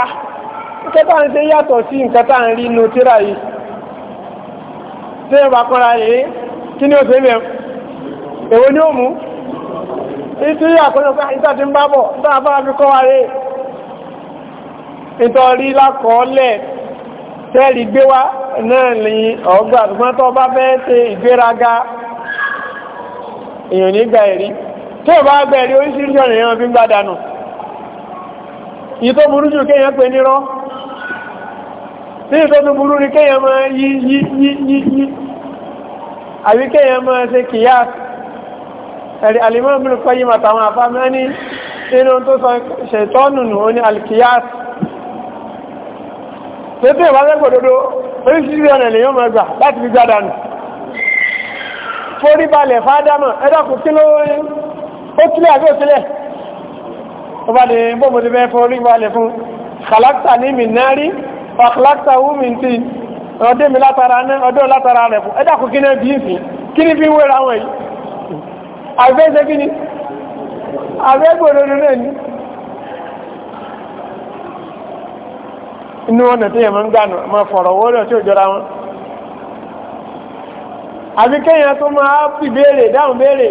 ah, ń ṣe yàtọ̀ sí nǹkan ń rí inú tírà yìí tí wọ́n bá kọ́ra rèé kí ni ó ṣe bẹ̀rẹ̀ èwo ni ó mú ìtí àkọ́yọ̀ká ìta ti ń bá bọ̀ dáa bá fi kọ́ wáyé ìtọ̀rí lákọọ́lẹ̀ tẹ́rì gbé wá náà ní ọgbà ṣùgbọ́n tó bá fẹ́ ṣe ìgbéraga èèyàn nígbà ẹ̀rí tó bá bẹ̀rẹ̀ oríṣiríṣi ọ̀nà èèyàn fi ń gbádànù yìí tó burú jù kéèyàn pè nírọ́ tí ìtọ́jú burú ni kéèyàn máa yí yí yí yí àbí kéèyàn máa ṣe kìyà ẹ̀rí alimọ́bìn kọ́ yí màtàwọn àfáàmẹ́ ní inú tó sọ ṣètọ́nù nù ó ní alkìyà tètè ìbáfẹ́gbò dodo oríṣiríṣi ọ̀nà lè yóò máa gbà láti fi gbádà nù forí balẹ̀ fádámà ẹ̀dàkùn ọdẹ mi látara ní ọdẹ látara rẹ̀ fún ẹ̀dá kò kíní ẹbí ìsìn kí ni fi ń wéra yìí kí ni àfẹ́gbòròrò náà ni inú ọ̀nà tí yẹn ń gbànà fọ̀rọ̀ tí jọra wọn àbí kéèyàn tó máa fi béèrè dáhùn béèrè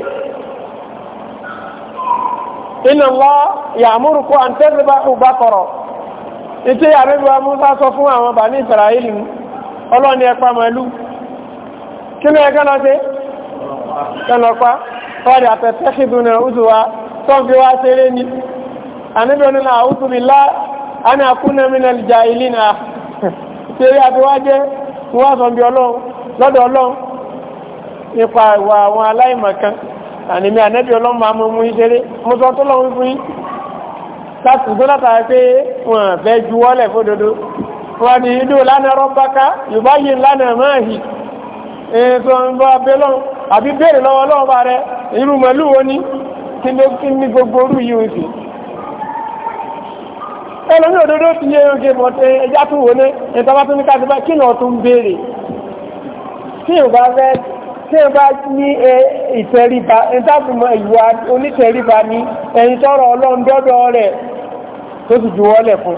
inna Allah ya'murukum an tadhbahu sọ fún àwọn ọlọ́run ni ẹpa màálù kí ní ẹgbẹ́ lọ sí ẹnọpa ọdẹ àtẹ̀tẹ́kìdùnà òzùwà tó fi wá ṣeré ni àníbẹ̀ẹ́nu náà àwùjọ mi lá àní àkúnnamínà ìjà ìlú náà ṣeré àbíwájẹ́ wọ́n sọ bí ọlọ́run lọ́dọ̀ ọlọ́run nípa ìwà àwọn aláìmọ̀kan ànímí ànẹ́bí ọlọ́run máa mú ìṣeré mo sọ tó lọ́run fún yín láti gbọ́dọ̀ pé wọ́n fẹ́ juwọ́lẹ̀ fódodo wọ́n ní ìlú lánàá rọ́bákà yorùbá lana lánàá máa hì belon àbí béèrè lọ́wọ́ lọ́wọ́ bá irú màlúù wo kí ló kí ní gbogbo orú o ti oge ní ni ìwà onítẹríba ní ẹ̀yìn tọrọ ọlọ́run rẹ̀ tó ti fún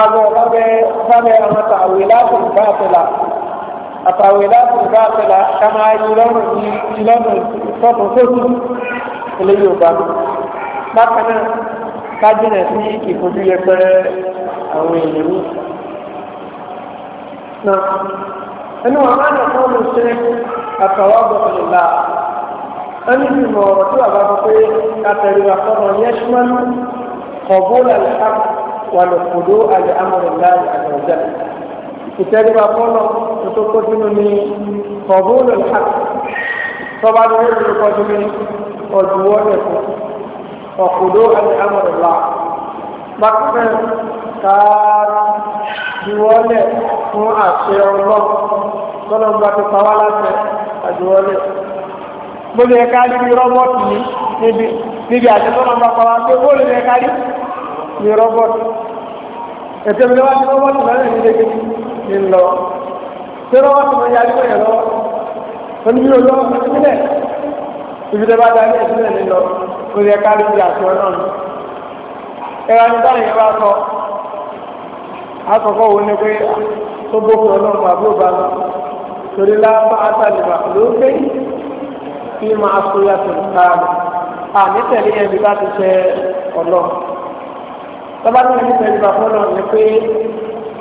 àwọn ọ̀bábẹ́ ọ̀bábẹ́ àwọn àtàwé láti ìgbà àtẹ̀là àtàwé láti ìgbà àtẹ̀là ká máa yí lọ́rùn ní ìlọ́rùn sọ́tún sójú ilé yorùbá bákan náà ká jìnà sí ìfojú yẹpẹrẹ àwọn èèyàn mi. náà ẹni tí mo ọ̀rọ̀ tí wàá bá والخضوع لأمر الله عز وجل كتاب أقوله تتقدمني قبول الحق طبعا غير تقدمني وجوانكم وخضوع لأمر الله بقنا كان جوانه هو أشياء الله صلى الله عليه وسلم أجوانه بل يكاد يرى موتني نبي نبي أجل الله بقى وقال بقول يكاد ní rọ́bọ̀tì ẹ̀tẹ́ mi lọ́wọ́ ti rọ́bọ̀tì lọ́rẹ̀ ní lẹ́gbẹ́ ní lọ ṣé rọ́bọ̀tì mo yarí mọ̀ yẹn lọ́wọ́ wọn bí olú ọmọ ti sílẹ̀ ibi tẹ́ bá darí ẹ̀ sílẹ̀ ní lọ mo yẹ káàdì ti àti ọ náà ní. ẹ̀rọ ni báyìí yẹn bá sọ àkọ́kọ́ wo ni pé tó bófin ọlọ́run àbúrò bá lọ torí lápá àtàlùbà lókè kí máa sọ yàtọ̀ káàdì àmì tẹ̀lé yẹn bí bá ti ṣe ọlọ́run tọ́ba tó ní tẹ̀síwá fọ́nà ni pé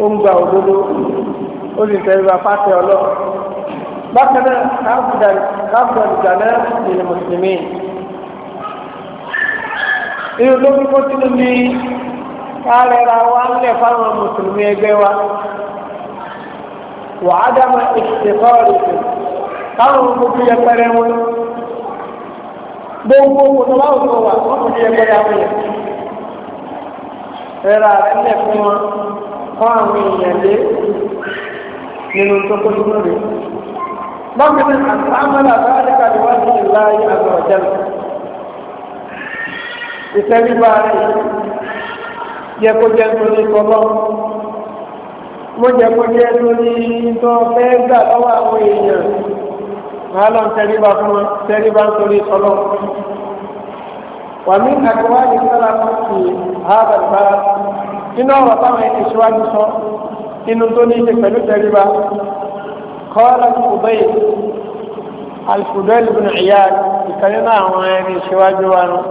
ó ń gba òdodo ó sì tẹ̀síwá fáṣẹ ọlọ́ bákan náà káfíńdà ìjàlẹ̀ ìlú mùsùlùmí irú ló fi kó sínú ní kárẹ̀ra wa ń lẹ̀ fáwọn mùsùlùmí ẹgbẹ́ wa wàhádà máa ìṣèkọ́ rẹ̀ káwọn gbogbo yẹpẹrẹ wọn gbogbo wọn tó bá wù wá. ẹ̀rà ẹ̀lẹ̀ fún wọn fún àwọn èèyàn lé nínú tó kó sínú rẹ̀. lọ́gbìn ní àtàmọ́lá bá dẹ́ka lè wá sí láàyè àwọn ọ̀jẹ́ mi. ìtẹ́ríba rẹ̀ yẹ kó jẹ́ nítorí kọ́lọ́ mo jẹ kó jẹ́ lórí tó fẹ́ gbà lọ́wọ́ àwọn èèyàn wàá lọ́n tẹ́ríba fún wọn tẹ́ríba nítorí kọ́lọ́. ومن أقوال السلف في هذا الباب إنه رفع الإشواج صح إنه دوني تكمل تجربة قال الفضيل الفضيل بن عياد كان عن الإشواج يعني وأنه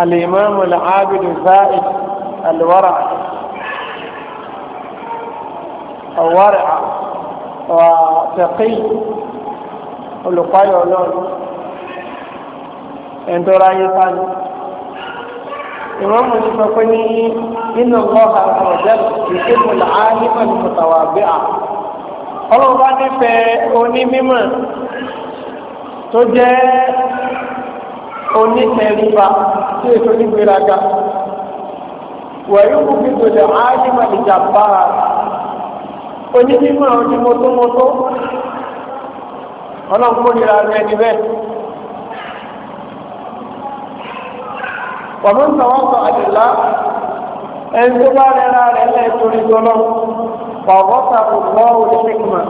الإمام العابد الزائد الورع الورع وتقي ولقاي ولون ẹ̀ńtọ́ra ayé sáni. Ìmọ̀mù ní sọ pé ní nínú ọ̀gá àkọ̀jẹ́ ìṣègùn láàárín pẹ̀lú mọ̀tàwà gbé à. Ọlọ́run bá nífẹ̀ẹ́ onímímọ̀ tó jẹ́ onítẹ̀ríba tí èso nígbéraga. Wẹ̀rí kú fi tòlè áájú pẹ̀lú ìjàmbá onímímọ̀ onímọ̀tòmọ̀tò. Ọlọ́run kórìíra rẹ̀ níbẹ̀. wọ́n tàwọn sọ àdìlá ẹni tó bá rẹ̀ ra rẹ̀ lẹ́ torí gbọ́nà ọ̀gọ́ tàbí gbọ́ olùsíkìmà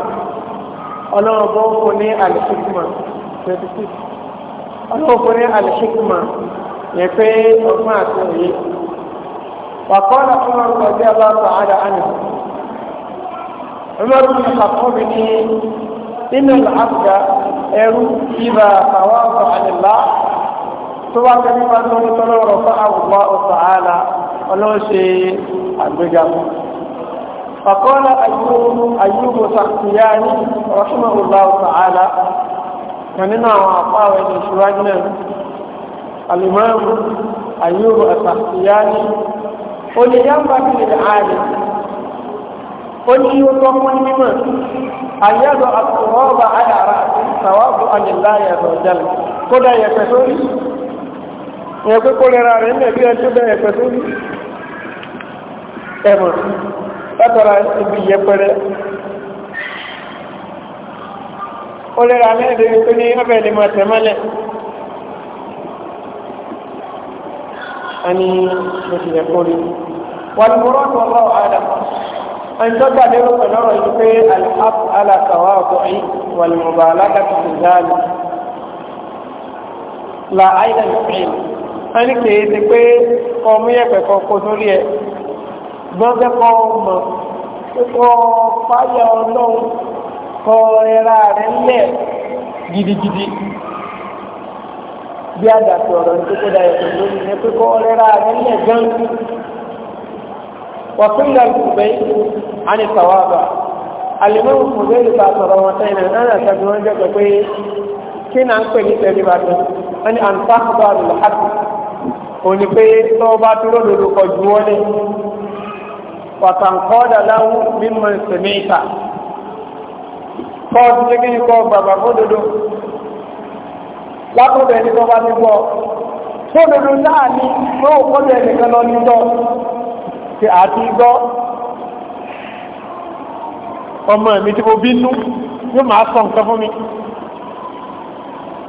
ọlọ́run bó fún ní àlùsíkìmà twenty six ọlọ́run fún ní àlùsíkìmà yẹ pé ọgbọ́n àti òye wàkọ́lá fún ọ̀rọ̀ ọjọ́ bá sọ àdá àná ọlọ́run ní kàkọ́bì ní nínú àbúdá ẹrú ìbá àwọn ọ̀rọ̀ àdìlá tó bá tẹ nípa tó ń tọ́lọ́ ọ̀rọ̀ fún àwùwá ọ̀sán ààlà ọlọ́run ṣe àgbéga fún. فقال أيوب أيوب سختياني رحمه الله تعالى كاننا وعطاه إلى شواجنا الإمام أيوب السختياني قل ينبغي للعالم قل يطلق لمن أن يضع التراب على رأسه ثواب لله عز وجل قل يا كسوري ìyẹn pé kó rẹra rẹ̀ nílẹ̀ bí ẹ tó bẹ̀rẹ̀ pẹ̀lú ẹ̀mọ̀ látara ibi yẹpẹrẹ ó rẹra lẹ́ẹ̀dẹ́ pé ní ọbẹ̀ lè máa tẹ̀mọ́lẹ̀ a ní mo ti yẹ kó rí wà ní mọ́rọ́ ní ọlọ́wọ́ àdàmọ́ àìjọ́gbà lérò pẹ̀lú yìí pé àlùfáàfù alàkàwà yìí wà ní mọ̀bà alága tuntun dáàlì la àìlẹ̀ yóò wọ́n ní kìí ti pé kọ́ mú yẹ̀pẹ̀ kan kó sórí ẹ̀ gbọ́dọ̀ kọ́ mọ̀ kọ́ fáyà ọlọ́run kọ́ ẹra rẹ̀ ńlẹ̀ gidigidi bí àdàpọ̀ ọ̀rọ̀ ní kókó dayọ̀ tó lórí ní pé kọ́ ẹra rẹ̀ ńlẹ̀ gan. wàfin náà kù bẹ́ẹ̀ á ní bá sọ̀rọ̀ wọn sẹ́yìn náà náà sàbí wọn jẹ́ pé kí náà ń pè ní tẹ̀lé bàtà wọ́n ní àǹtá kọ́ àlùmọ́ àti òní pé tó bá dúró lòlò kọjú wọlé pàtàkọ́dà láwù mímọ ìsẹ̀mẹ́ta kọ́ ti kí ní kọ́ bàbá fódodo látọ̀dọ̀ ẹni tó bá ti gbọ́ fódodo náà ni tó kọ́jú ẹnìkan lọ nítọ́ ti àti gbọ́ ọmọ mi tí mo bínú yóò máa sọ nǹkan fún mi.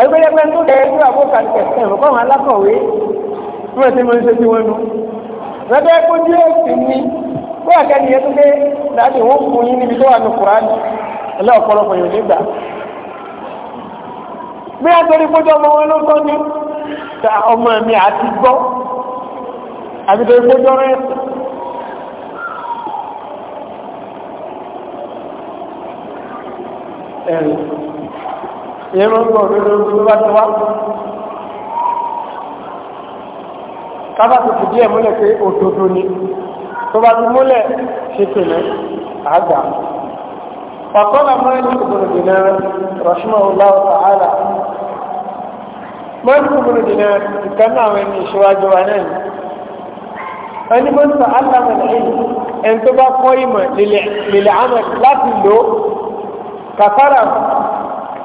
àgbẹ̀yẹpẹ tó dẹ̀ ẹgbẹ́ àbókà kẹ̀kẹ́ ọ̀kọ́ àwọn alákọ̀wé tí wọ́n ti mọ iṣẹ́ tí wọ́n nu. lọ́dọ̀ ẹ̀kọ́ díẹ̀ sì ni pé àkẹ́ni yẹn tó dé láti wọ́n fún yín níbi tó wà ní kùránì ẹlẹ́ ọ̀pọ̀lọpọ̀ yóò nígbà. bí a torí kójú ọmọ wọn ló tọ́ ni ta ọmọ mi àti gbọ́ àti torí kójú ọmọ yẹn. ẹ̀rù èròǹgbò òdodo tó bá ti wá kábà tó fìdí ẹ̀ múlẹ̀ pé òdodo ni tó bá ti múlẹ̀ ṣe pèlè àgbà ọ̀tọ́nà mọ́rin kòkòrò dìnnà rọ̀ṣùmọ̀ ọláwọ̀ sàhálà mọ́rin kòkòrò dìnnà ìkànnì àwọn ẹni ìṣíwájú wa náà ẹni tó bá kọ́ ìmọ̀ lílẹ̀ àmọ̀ láti lò kàfàrà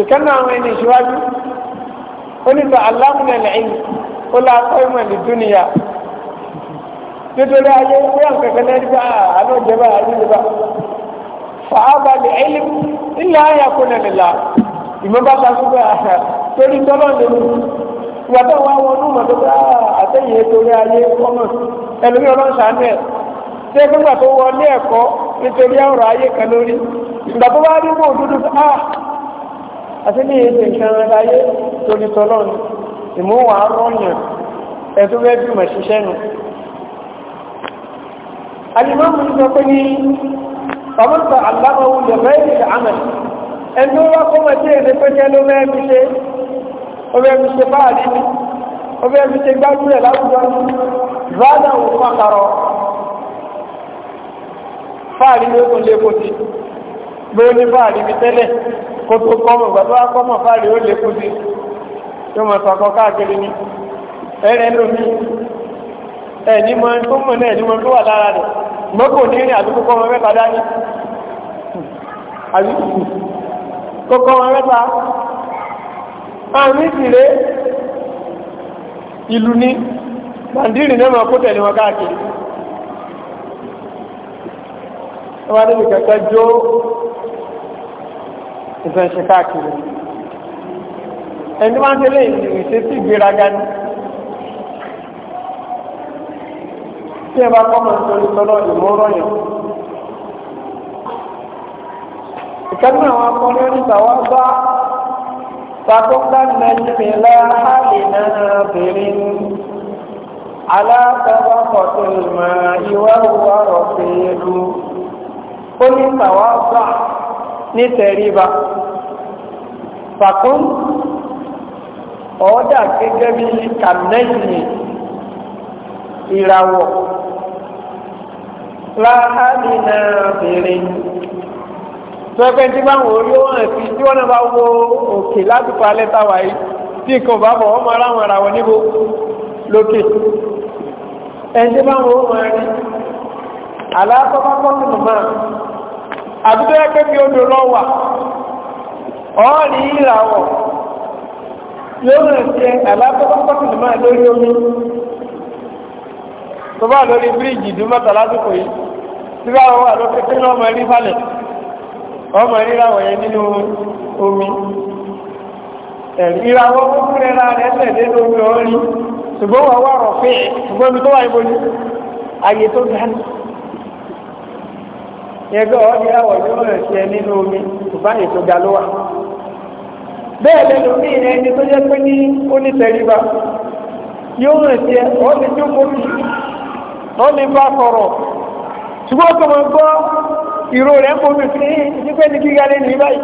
ìkànnì àwọn ẹni ìṣíwájú onígbà alámúnẹ̀lẹ̀ ẹ̀yìn ó la kọ́ ìmọ̀ ní dúnìyà nítorí ayé pé àwọn kẹ̀kẹ́ náà nígbà àánú ìjẹba àánú ìjẹba fàábà lè ẹ̀yìn ilẹ̀ ayé àkónà nìlà ìmọ̀bá ta fún bẹ́ẹ̀ torí tọ́lọ́ nínú ìwàtọ̀ wa wọnú mọ̀tòkà àtẹ̀yìn torí ayé kọ́mọ̀ ẹlòmí ọlọ́sàn-án ṣé gbígbà tó wọlé ẹ̀kọ́ nítorí ọ̀rọ̀ ayé kan lórí ìgbà tó bá rí mọ́ òdúdú ah àti ní èdè nǹkan ayé torí tọ́lọ́n ìmúwà rọ́yàn ẹ̀tọ́ rẹ̀ bí mọ̀ ṣiṣẹ́ nù alimọ́mù sọ pé ní ọmọ́sọ aláwọ̀wò lè mẹ́rin àmẹ́ ẹni wá kó mọ̀ sí èdè pé jẹ́ ló mẹ́rin ṣe ó mẹ́rin ṣe bá àrí ni ó mẹ́rin ṣe gbájúẹ̀ láwùjọ ní rádà òun pàkàrọ̀ fáàrí ló kún lé kó ti bó ní fáàrí bí tẹ́lẹ̀ kó tó kọ́mọ̀ ìgbà tó wá kọ́mọ̀ fáàrí ó lè kú sí tó mọ̀ sọ̀kọ́ káàkiri ni ẹ̀rẹ́ lómi ẹ̀ní mọ tó mọ̀ náà ẹ̀ní mọ tó wà lára rẹ̀ mọ́kò ní ìrìn àdúgbò kọ́mọ mẹ́ta dání àdúgbò kó kọ́mọ wọ́n wá débi jó ìfẹ́ ṣe káàkiri ẹni máa ń tẹ́lẹ̀ ìrìnsẹ̀ sí ìgbéraga ní tí ẹ bá kọ́mọ̀ nítorí tọ́lọ́ ìmọ̀ọ́rọ̀ yẹn ìkẹ́nu àwọn akọrin oníta wá bá takọ́gbà mẹ́lẹ́mẹ́ láhà lè náà bèrè ní aláàtọ́wọ́ ìmọ̀ ìwà òwúrọ̀ fèèrú oníta wá bá ní tẹríba fàkún ọ̀ọ́dà gẹ́gẹ́ bí kàmẹ́yìn ìràwọ̀ láàrínà bèrè tọ́pẹ́ tí bá wọ́n yóò hàn sí tí wọ́n náà bá wo òkè lásìkò alẹ́ táwa yìí tí kò bá bọ̀ wọ́n máa ráwọn ara wọn níbo lókè ẹni tí bá wọ́n rí aláàkọ́kọ́ àbúdó ẹgbẹ́ bí odò lọ wà ọ̀ọ́rì ìràwọ̀ yóò rẹ̀ ṣe àlábọ́pọ́pọ́tìlì máa lórí omi tó bá lórí bíríìjì dúmọ́tà lásìkò yìí tí bá wọ́n wà lókè tí wọ́n mọ̀ rí falẹ̀ ọmọ ìràwọ̀ yẹn nínú omi ìràwọ̀ kúkúrẹ́ láàrẹ̀ tẹ̀lé lórí ọ̀rí ṣùgbọ́n wọ́n wà rọ̀ fẹ́ ṣùgbọ́n mi tó wà ìbò ní ayé tó dáná ẹgbẹ́ ọ̀ọ́dí àwọ̀ yóò rẹ̀ sí ẹ nínú omi ìbáyìí tó ga ló wà. bẹ́ẹ̀ lẹ́nu mí ẹni tó jẹ́ pé ní ó yóò rẹ̀ sí ẹ ọ́ tó kó ọ́ ní bá kọ̀rọ̀ ṣùgbọ́n tó gbọ́ ìró rẹ̀ ní lé ní báyìí.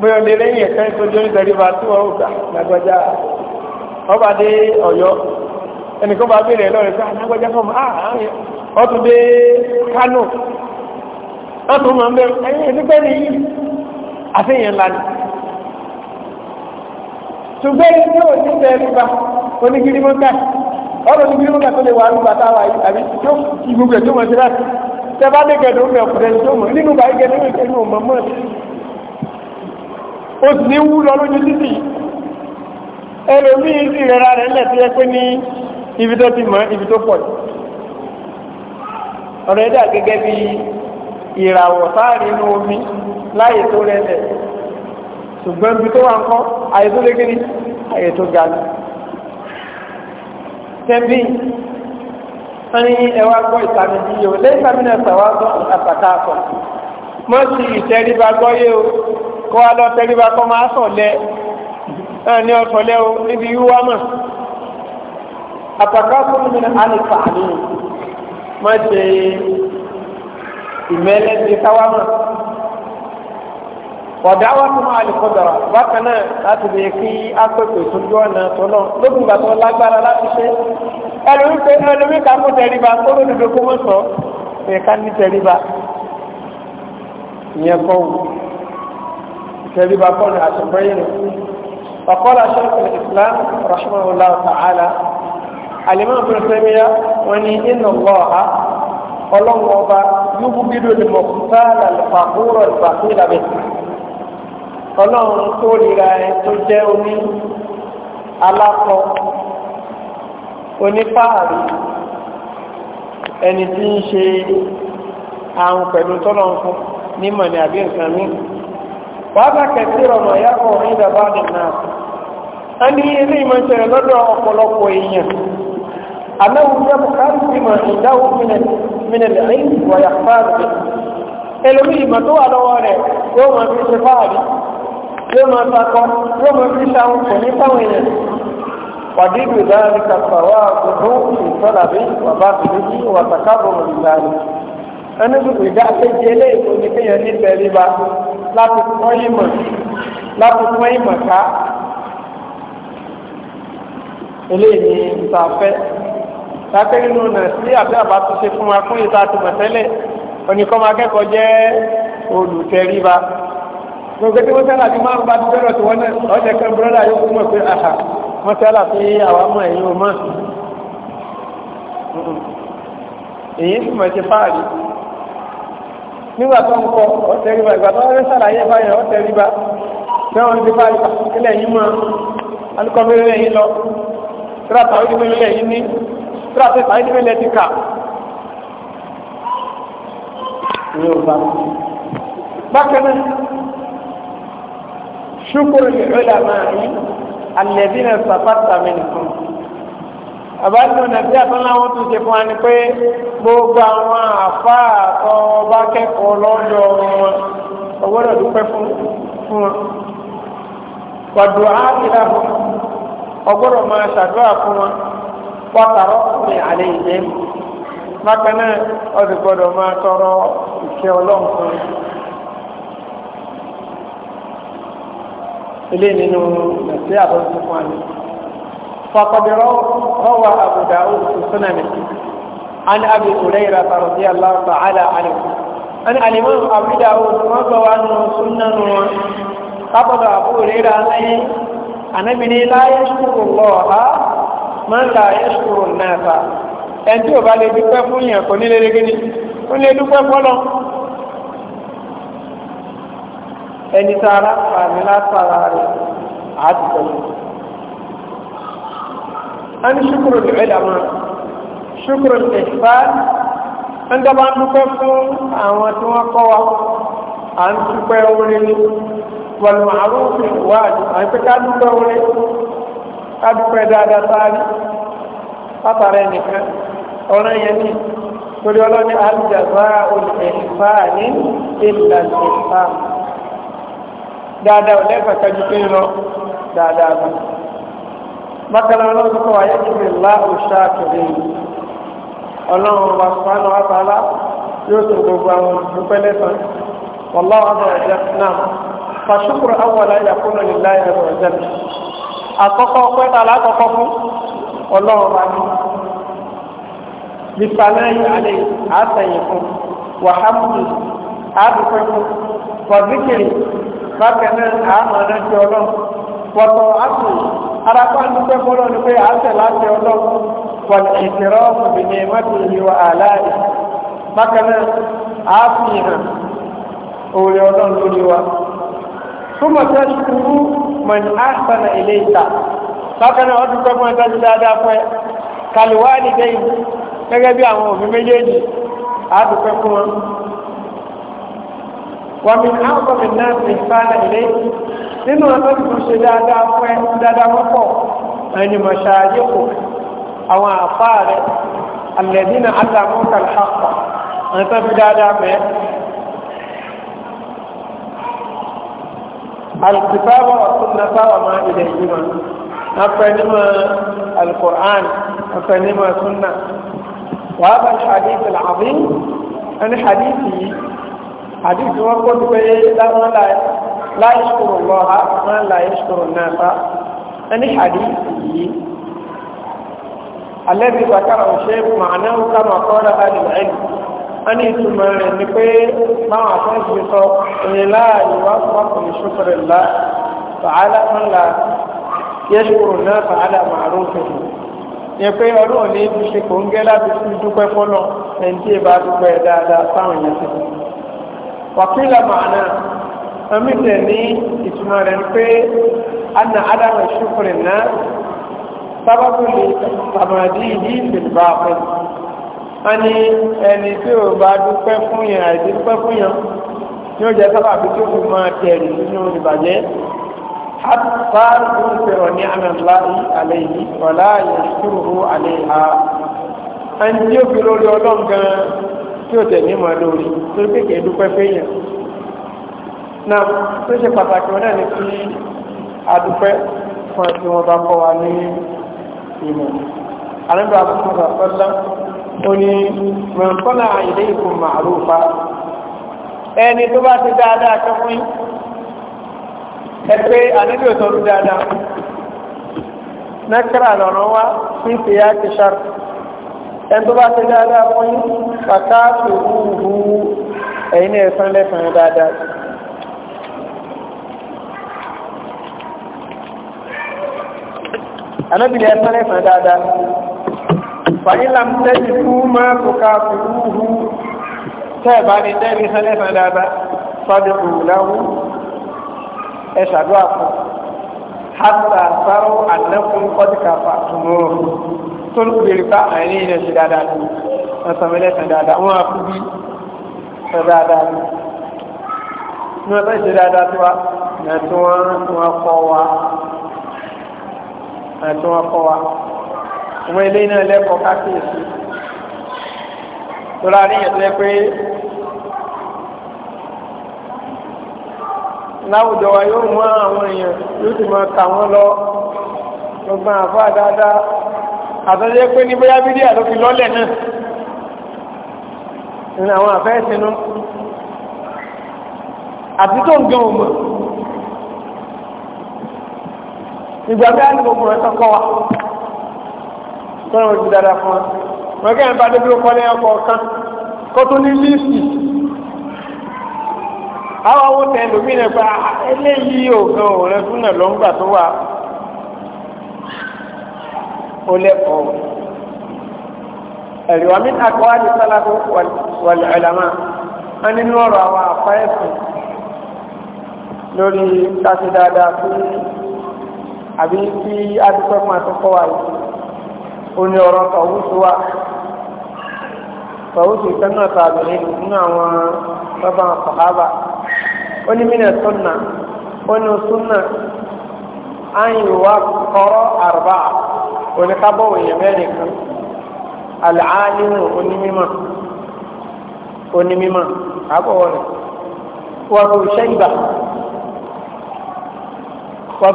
bóyá ní ẹ̀ka ìtọ́jú ọba ẹnìkan bá bèèrè lọ́rẹ̀ pé alágbẹ́jẹ́ ah, fọ́mù ọtún ah, ah, dé Kánò ọtún mọ̀ bẹ́ ẹ̀yìn ẹ̀dúgbẹ́ ni yìí àfihàn lánà ṣùgbẹ́ ilé ò ní bẹ́ẹ̀ nípa onígirimọ́ta ọ̀rọ̀ onígirimọ́ta tó lè wà nípa táwa yìí àbí tó kì gbogbo ẹ̀ tó mọ̀ sí láti tẹ́bá dé gẹ̀ẹ́dọ̀ ó mẹ́kù rẹ̀ tó mọ̀ nínú báyìí gẹ̀ẹ́dọ̀ ó tẹ́lú ọmọ mọ́ ó sì ní wú lọ lójú títì ẹlòmíì sì rẹra rẹ̀ lẹ̀ tó yẹ pé ní ibi tó ti mọ̀ ibi tó pọ̀ jù ọ̀rọ̀ ẹ̀dá gẹ́gẹ́ bí ìràwọ̀ sáàrin inú omi láyè tó rẹlẹ̀ ṣùgbọ́n ibi tó wà ń kọ́ àyè tó légé ní àyè tó ga ní tẹ́bí ní ẹwà gbọ́ ìsàmì bí yóò lẹ́yìn ìsàmì náà sàwà gbọ́ àtàkà àtọ̀ mọ́ sí ìtẹríba gbọ́ yé o kọ́ wa lọ tẹríba kọ́ máa sọ̀ lẹ́ ní o níbi wíwá mọ̀ àtàkásùn mi ní àlìkà ní má ṣe ìmẹ́lẹ́ ti káwámà ọ̀dà wa tó máa lè kọ̀dọ̀rọ̀ bákan náà láti lè kí apẹ̀pẹ̀ sójú ọ̀nà tó náà lókun ìgbà tó lágbára láti ṣe ẹlòmí pé ẹlòmí kà kó tẹríba kó ló dúdú kó mọ̀ sọ ẹ̀ka ní tẹríba ìyẹn kọ́ wù tẹríba kọ́ ní àtúbọ̀yìn rẹ̀ ọ̀kọ́ la ṣe ń fi Islam rahmanahu alimami fún sẹ́miyà wani ní iná lọ́ha ọlọ́run ọba yóò bídò lè mọ̀ kúta làlùfà kúrò lùfà kúrò làbẹ̀. ọlọ́run tó rira ẹ tó jẹ́ oní alákọ onífààrí ẹni tí ń ṣe àrùn pẹ̀lú tọ́lọ̀ fún nímọ̀ ní àbí nǹkan mí. wàá bá kẹsí ọ̀nà ìyá ní ìdàbọ̀ àdìmọ́. a ilé ìmọ̀ ìṣẹ̀lẹ̀ lọ́dọ̀ ọ̀pọ̀lọpọ̀ èèyàn أنه يبخل بما عنده من من العلم ويختار به ẹlòmíì mà tó wà lọ́wọ́ rẹ̀ yóò máa fi ṣe fáàrí yóò máa sakọ yóò máa fi ṣàwọn kò ní sáwọn èèyàn pàdé ìgbèdá ní kàfàwà gbogbo ìtọ́làbí bàbá àbìlẹ́jì wàtàkàbọ̀ ìlànà ẹni tó ìdá akéjì eléyìí tó ní kéèyàn ní tẹríba láti pọ́n ìmọ̀ láti pọ́n ìmọ̀ ká eléyìí ní ìtàfẹ́ sáké nínú ọ̀nà sí àbí àbá tó ṣe fún wa fún ìta àti mọ̀tẹ́lẹ̀ oníkọ́mọ akẹ́kọ̀ọ́ jẹ́ olùtẹríba gbogbo tí wọ́n sẹ́lá ti máa ń bá ti bẹ̀rẹ̀ tí wọ́n náà ọ̀jẹ̀ kan búrọ́dà yóò fún mọ̀ pé àhà wọ́n sẹ́lá sí àwọn ọmọ ẹ̀yìn ọmọ èyí sì mọ̀ ṣe fáàrí nígbà tó ń kọ ọ̀tẹríba ìgbà tó ń sàlàyé báyẹn ọ̀tẹríba tí wọ́n ti fáàrí kílẹ̀ yìí mọ́ alukọ́ mẹ́rin lẹ́yìn lọ tíráta ó tíra tó sàn níbi lẹ́tí kà ní ọba bákan náà ṣùkúrú ní ọ̀là máa yí alẹ́bí náà sàpàtà mi nìkan àbájọ nàbí àtúnlá wọn tún ṣe fún wa ni pé gbogbo àwọn àfáà tó bá kẹ́kọ̀ọ́ lọ́dọ̀ wọn ọgbọ́dọ̀ dúpẹ́ fún wọn wàdùn áàkìlá fún ọgbọ́dọ̀ máa ṣàdúrà fún wọn pàtàkó ní alẹ́ ìgbẹ́ bákan náà ọdún gbọ́dọ̀ máa tọrọ ìṣe ọlọ́run fún ilé nínú nàìjíríà tó ń fún wa ní. فقد روى أبو داود في سننه عن أبي هريرة رضي الله تعالى عنه أن الإمام أبو داود روى عنه سنن قبض أبو هريرة عليه أن من لا يشكر الله máa ń la ẹ̀ṣùrù náà fà ẹni tí ò bá lè dúpẹ́ fún yàn kò ní lérégé ni ó lè dúpẹ́ fọ́lọ́ ẹni tá a láfa mi látara rẹ̀ àti pẹ̀lú. a ní ṣùkúrò lè rẹ̀ dàmọ́ lè fà á ń dúpẹ́ fún àwọn tí wọ́n kọ́ wa à ń dúpẹ́ orin wọ̀lùmọ̀ àrùn òfin wáàdì àìpẹ́ká dúpẹ́ orin adúpẹ́ dáadáa sáárì látara ẹnìkan ọ̀ràn yẹn ní torí ọlọ́ni alùjàgbá olùfẹ̀fà ní ìlànìfà dáadáa ọ̀lẹ́fẹ̀ kájú pé lọ dáadáa lọ. bákan náà ọlọ́run kọ́ wáyé kiri ńlá òṣà kiri ọlọ́run wa sọ́nà wa sọ́nà yóò tó gbogbo àwọn olùdókòwò lẹ́sàn-án wọ́n lọ́wọ́ àbọ̀ ẹ̀jẹ̀ náà fàṣùkùrù àwọn àlàyé àkúnlọ̀ nílá ẹ̀rọ ẹ̀jẹ̀ àkọ́kọ́ pẹ́ta lákọ́kọ́ fún ọlọ́run wa ní bisalayi ale àtẹ̀yìn fún wàhámùdù àdùpẹ́ fún wàzíkìrì bákan náà àmọ̀ náà ti ọlọ́run wọ́tọ̀ àtù arápá ń dúpẹ́ fọ́lọ́ ni pé àtẹ̀ láti ọlọ́run wọ̀n ìtìrọ́ ọmọbìnrin mọ́tò ìwà àláàrí bákan náà àfihàn òòrè wa. Súnmọ̀ tẹ́ mọ̀n àṣàna ilé ìta bákan náà ọdún pẹ́pọ́n ìtọ́jú dáadáa fún ẹ kàlùwáàlì dẹ́yìn gẹ́gẹ́ bí àwọn òbí méjèèjì àdùpẹ́ fún wọn. wọ́n mi náà kọ́ mi náà fi fáànà ilé nínú ọdún tó ṣe dáadáa fún ẹ dáadáa púpọ̀ ẹni mọ̀ ṣáájú kù àwọn àfáà rẹ̀ alẹ́dínà àtàkùn kàlùfà àwọn tó fi dáadáa mẹ́ẹ́ الكتاب والسنة وما إليهما أفنما القرآن أفنما السنة وهذا الحديث العظيم أن حديثي حديث وقت لا لا يشكر الله من لا يشكر الناس أن حديثي الذي ذكره الشيخ معناه كما قال أهل العلم a ní ìtumọ̀ rẹ̀ ni pé máa àfẹ́sì sọ ìrìnlá ìwà pàpàlì ṣúfẹ̀rẹ̀ lá fàálà ńlá yẹ́ṣùkúrò náà fàálà màárù fẹ̀lú yẹ pé ọlọ́run ní ibi ṣe kò ń gẹ́ láti fi dúpẹ́ fọ́nà ẹni tí ìbá dúpẹ́ dáadáa fáwọn èèyàn sí. wàkílà màánà ẹmí ní ìtumọ̀ rẹ̀ ni pé anna adam ṣúfẹ̀rẹ̀ náà sábàbù lè tàmàdí yìí fìlbà pẹ̀lú wọ́n ní ẹni tí ò bá dúpẹ́ fún yẹn àìsí dúpẹ́ fún yẹn ní ó jẹ́ sábà bí tó fi máa tẹ̀rì nínú ìbàjẹ́ hàtà ìfẹ̀rọ̀ ní àmàláì àlẹ́ yìí ọ̀la ìṣòro àlẹ́ ha ẹni tí ó fi lórí ọlọ́run gan tí ó tẹ̀ ní mọ́ lórí torí pé dúpẹ́ fún yẹn náà tó ṣe pàtàkì wọn náà ní kí adúpẹ́ fún ẹ tí wọ́n bá kọ́ wa ní ìmọ̀ àlẹ́ bá fún ọ̀sán ó ní mọ̀nkọ́nà ilé ìkùn màrúfà ẹni tó bá ti dáadáa tó fún ẹ pé àníbi òtọ́ ló dáadáa nẹ́kẹ́rà lọ́nà wá sí ìfìyà ti ṣàrù ẹni tó bá ti dáadáa fún yín kàkà tó wúwú ẹ̀yin ẹ̀sán lẹ́sàn dáadáa. anábìlẹ̀ ẹ̀sán lẹ́sàn dáadáa fàyín làm tẹ́jì fún máa kò ká fìrúhu tẹ́ẹ̀bá ní tẹ́ẹ̀bí sẹ́lẹ̀sán dáadáa fàdé òwúláwú ẹ ṣàdúrà fún hàtà sáró àlẹ́kùn kọ́díkà fàtúmọ̀ tó ń pèrè pa àárín ilẹ̀ sí dáadáa ní ọ̀sánmẹ́lẹ́sán dáadáa wọ́n á kú bí ẹ dáadáa ní ní ọ̀sán ìṣe dáadáa tí wá ẹ̀ tí wọ́n kọ́ wa ẹ̀ wọ́n kọ́ wa àwọn ilé náà lẹ́kọ̀ọ́ kákìyèsí tó láàrin yẹn tó yẹ pé láwùjọ wa yóò mú àwọn èèyàn yóò sì máa kà wọ́n lọ gbogbo àfọ́ àdáadáa àtọ́jẹ́ pé ní bóyá bídíà ló fi lọ́lẹ̀ náà ní àwọn àfẹ́ ìsinú àti tó ń gan òmò ìgbàgbé àti gbogbo rẹ̀ tọ́kọ́ wa kọ́nà ojú dada fún wa wọn kẹ́ ẹ̀ bá débi ó kọ́lé ọkọ̀ kan kó tún ní líìsì àwọn owó tẹ ẹlòmíì náà pé ah, eléyìí ògùn òun rẹ fún náà ló ń gbà tó wà ó lẹ́kọ̀ọ́ ẹ̀rí wa mi àkọ́ àti sálàkó wàlẹ̀ ẹ̀lámà wọn nínú ọ̀rọ̀ àwọn àpá ẹ̀sìn lórí káṣí dáadáa fún àbí tí adúpẹ́ fún àtúkọ́ wa yìí oní ọ̀rọ̀ tọ̀wúsù wa tọ̀wúsù ìtẹ́nà tàbí nínú nínú àwọn bàbá àfọ̀hábà ó ní mínà súnà ó ní súnà áyìn wa kọ́rọ́ àrùbá oníkábọ̀ òyìn mẹ́rin kan àlàáníwò onímímọ̀ onímímọ̀ àbọ̀wọ̀ rẹ̀ wọ́n kò ṣẹ́yìnbà wọ́n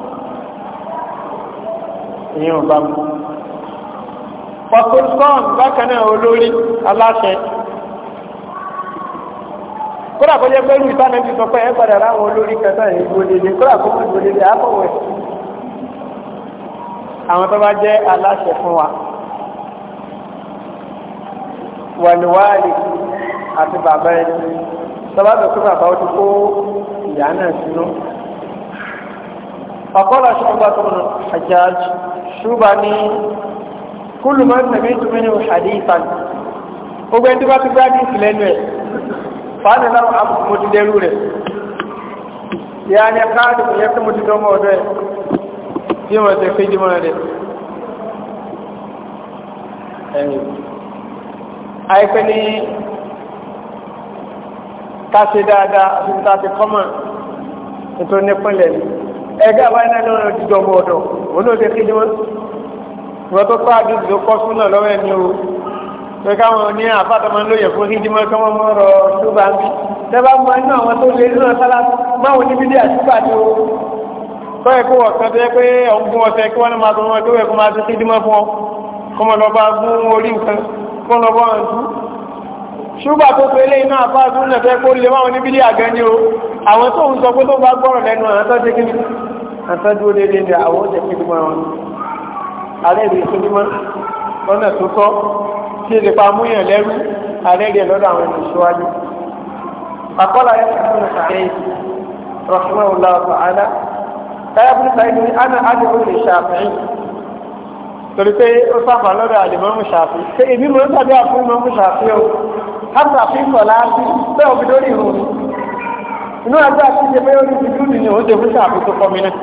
ìyẹn ò bá mu. pọ̀tùsọ́ọ̀n bákan náà olórí aláṣẹ kódà kó jẹ́ pé ní ìtànẹ́bí sọ pé ẹ padà láwọn olórí kẹta yìí gbòdèdè kódà kó mú gbòdèdè àpọ̀wẹ̀ àwọn tó bá jẹ́ aláṣẹ fún wa wàlúwàlì àti bàbá ẹni tọ́bá tó kí bàbá ó ti kó ìyá náà sínú ọ̀pọ̀lọ̀ شعبة بن الحجاج شعبني كل ما سمعت منه حديثا وبين دبات بادي سلنوي فأنا لو أبو متدلوله يعني قاعد يكتم متدوم ودوي فيما تفيد من هذا أيقني كاسي دادا أبو تاتي كمان nítorí nípínlẹ̀ ni ẹ̀gá wa náà lọ́rọ̀ dídọ̀ ọmọ ọ̀dọ̀ òun ló ṣe kí ni wọ́n wọ́n tó kọ́ àdúgbò tó kọ́ súnà lọ́wọ́ ẹni o pé káwọn ní àfàtàmọ́ lóye fún kí jimá kí wọ́n mọ̀ ọ̀rọ̀ ṣúgbà ń bí tẹ́bá mọ inú àwọn tó lè lọ́nà sálá máwọn níbi dí àṣúgbà ni o tọ́ ẹ̀kọ́ ọ̀sán tó yẹ pé ọ̀hún fún ọ̀sẹ̀ kí wọ́n máa tó wọn tó ẹ̀kọ́ máa tó kí jimá fún ọ kọ́mọ lọ bá gún orí nǹkan kọ́ lọ bá ń tú ṣúgbà tó pé lé iná àfàtàmọ́ lọ́fẹ́ kó lè máwọn níbi dí àgẹ́ ni o àwọn tó ń sọ pé tó bá gbọ́rọ̀ lẹ́nu àwọn tó ṣe kí ni àtàn dúró déédéé ní àwọn oúnjẹ kí ni mọ́ wọn alẹ́ rèé tó ní mọ́ lọ́nà tó tọ́ tí èdè pa amúyàn lẹ́rú alẹ́ rèé lọ́dọ̀ àwọn ènìyàn ṣíwájú. àkọ́lá yẹn ti fún ìsàlẹ̀ yìí rọ̀ṣùmọ́ ọ̀la ọ̀sán àná táyà fún ìsàlẹ̀ yìí ana adìmú lè ṣàfihàn torí pé ó sábà lọ́dọ̀ àdìmọ́mù ṣàfi ṣé èmi mọ̀ ń tàbí àfún mọ́mù ṣàfi o hàtà fífọ̀ láti bẹ́ẹ̀ òbí lórí ìhòòhò inú àgbà tí ṣe pé orí ìdúró ni ó ṣe fún ṣàkóso fọmi náà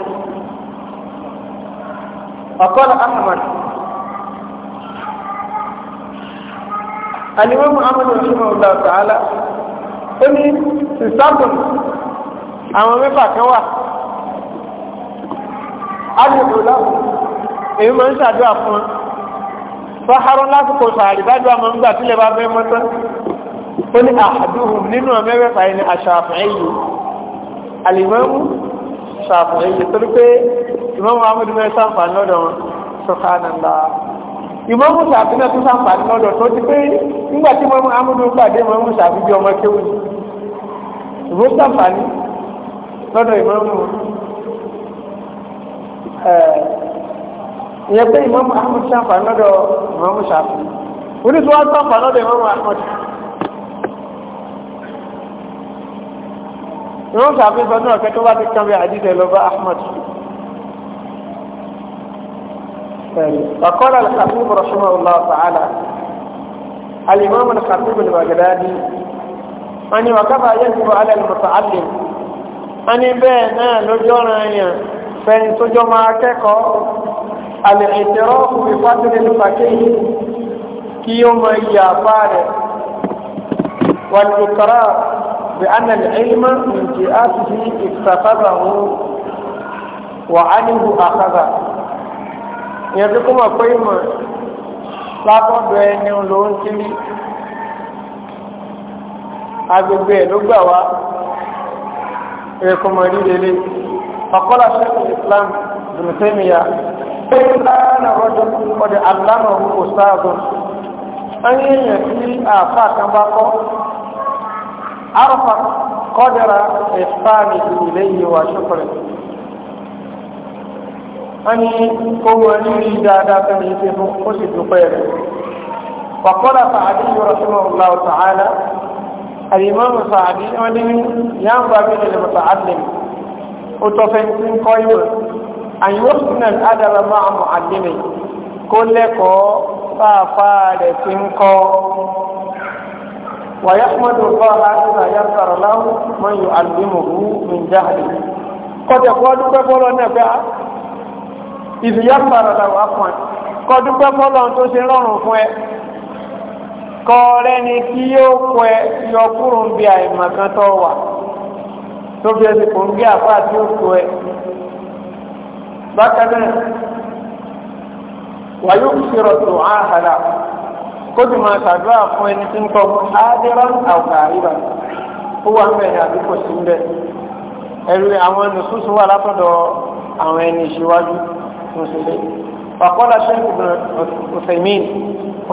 ọ̀kọ́lá ahmad alimọ́ muhammadu rahimahu allah ta'ala ó ní ìsábùn àwọn mẹ́fà kan wà alìbò láwùn èyí máa ń ṣàdúrà fún wọn fọ́hárọ́ lásìkò sàárì bá dúwà máa ń gbà sílẹ̀ bá fẹ́ mọ́tọ́ ó ní àdúhùn nínú mẹ́fẹ̀ẹ́fà ẹni àṣàfẹ́ yìí alimamu ṣàfihàn èyí torí pé imamu ahmed mẹ́rin sàǹfààní lọ́dọ̀ wọn sọ̀kánàlá imamu ṣàfihàn tó sàǹfààní lọ́dọ̀ tó ti pé nígbà tí imamu ahmed pàdé imamu ṣàfihàn bí ọmọ kéwì ìwọ́n sàǹfààní lọ́dọ̀ imamu eh, ìyẹn pé imamu ahmed sàǹfààní lọ́dọ̀ imamu ṣàfihàn oníṣòwò sàǹfààní lọ́dọ̀ imamu ahmed ìwọ́n ṣàfihàn náà kẹ́ tó bá ti kàn bí àdìsẹ́ lọ bá الخطيب رحمه الله تعالى الإمام الخطيب البغدادي أن وكفى يجب على المتعلم أن بين لجنة فإن تجمع كيكو الاعتراف بفضل الفقيه كيوم يافار والإقرار بأن العلم من جهاته اكتسبه وعنه أخذه يذكر قيمة látọ̀dọ̀ ẹni ló ń kiri agbègbè ẹ̀ ló gbà wá ẹ̀kọ́mọ̀ ìdílé ọ̀kọ́lá ṣẹ́kù Islam dùnfẹ́mìyà ẹ̀kọ́lá rọ́jọ́ ọdẹ aláàmọ̀ òṣàgùn ẹ̀yìn èèyàn tí àfáà kan bá kọ́ عرف قدر إحسانه إليه وشكره أني قوة لي دادة في مخصص الزبير وقال سعدي رحمه الله تعالى الإمام سعدي أنه ينبغي للمتعلم وتفنسين قيمة أن يحسن الأدب مع معلمه كل كو فافارة كو ويحمد الله بما يسر له من يعلمه من جهله قد يقول بقول نبع إذ يسر له عفوا قد يقول أن تسيرون فوق kọ́ọ̀rẹ́ ni kí yóò kọ ẹ yọ kúrò ń bí àìmọ̀ kan tó wà tó bí ẹsẹ̀ kò kó tó máa ṣàdúrà fún ẹni tí ń kọ́ ádìrán àwòkàríbà ó wà mẹ́rin ní àdúgbò sí ń bẹ̀ ẹ̀rù àwọn nùsùsù wà látọ̀dọ̀ àwọn ẹni ìṣíwájú mùsùlùmí فقال الشيخ ابن عثيمين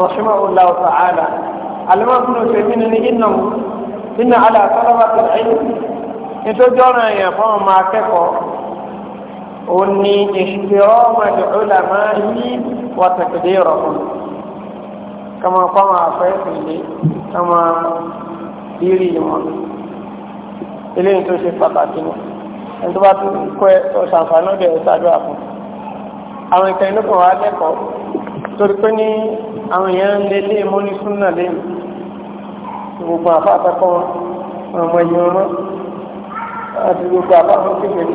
رحمه الله تعالى علماء ابن عثيمين انه ان على طلبة العلم يتجرى يا فهم ما كفر اني احترام العلماء وتقديرهم kama kọ́mọ àfẹ́sìn lé kama bírì wọn eléyìí tó ṣe pàtàkì ni ẹni tó bá tún kọ́ ẹ tó ṣàǹfààní ọ̀dẹ̀ ẹ̀ ṣàdúrà fún àwọn ìkànnì ló kàn wá lẹ́kọ̀ọ́ torí pé ní àwọn èèyàn ń lé lé mọ́ní súnà lẹ́yìn gbogbo àfa àtàkọ́ ọmọ ẹ̀yìn ọmọ àti gbogbo àfa àfọ́kẹ́kẹ́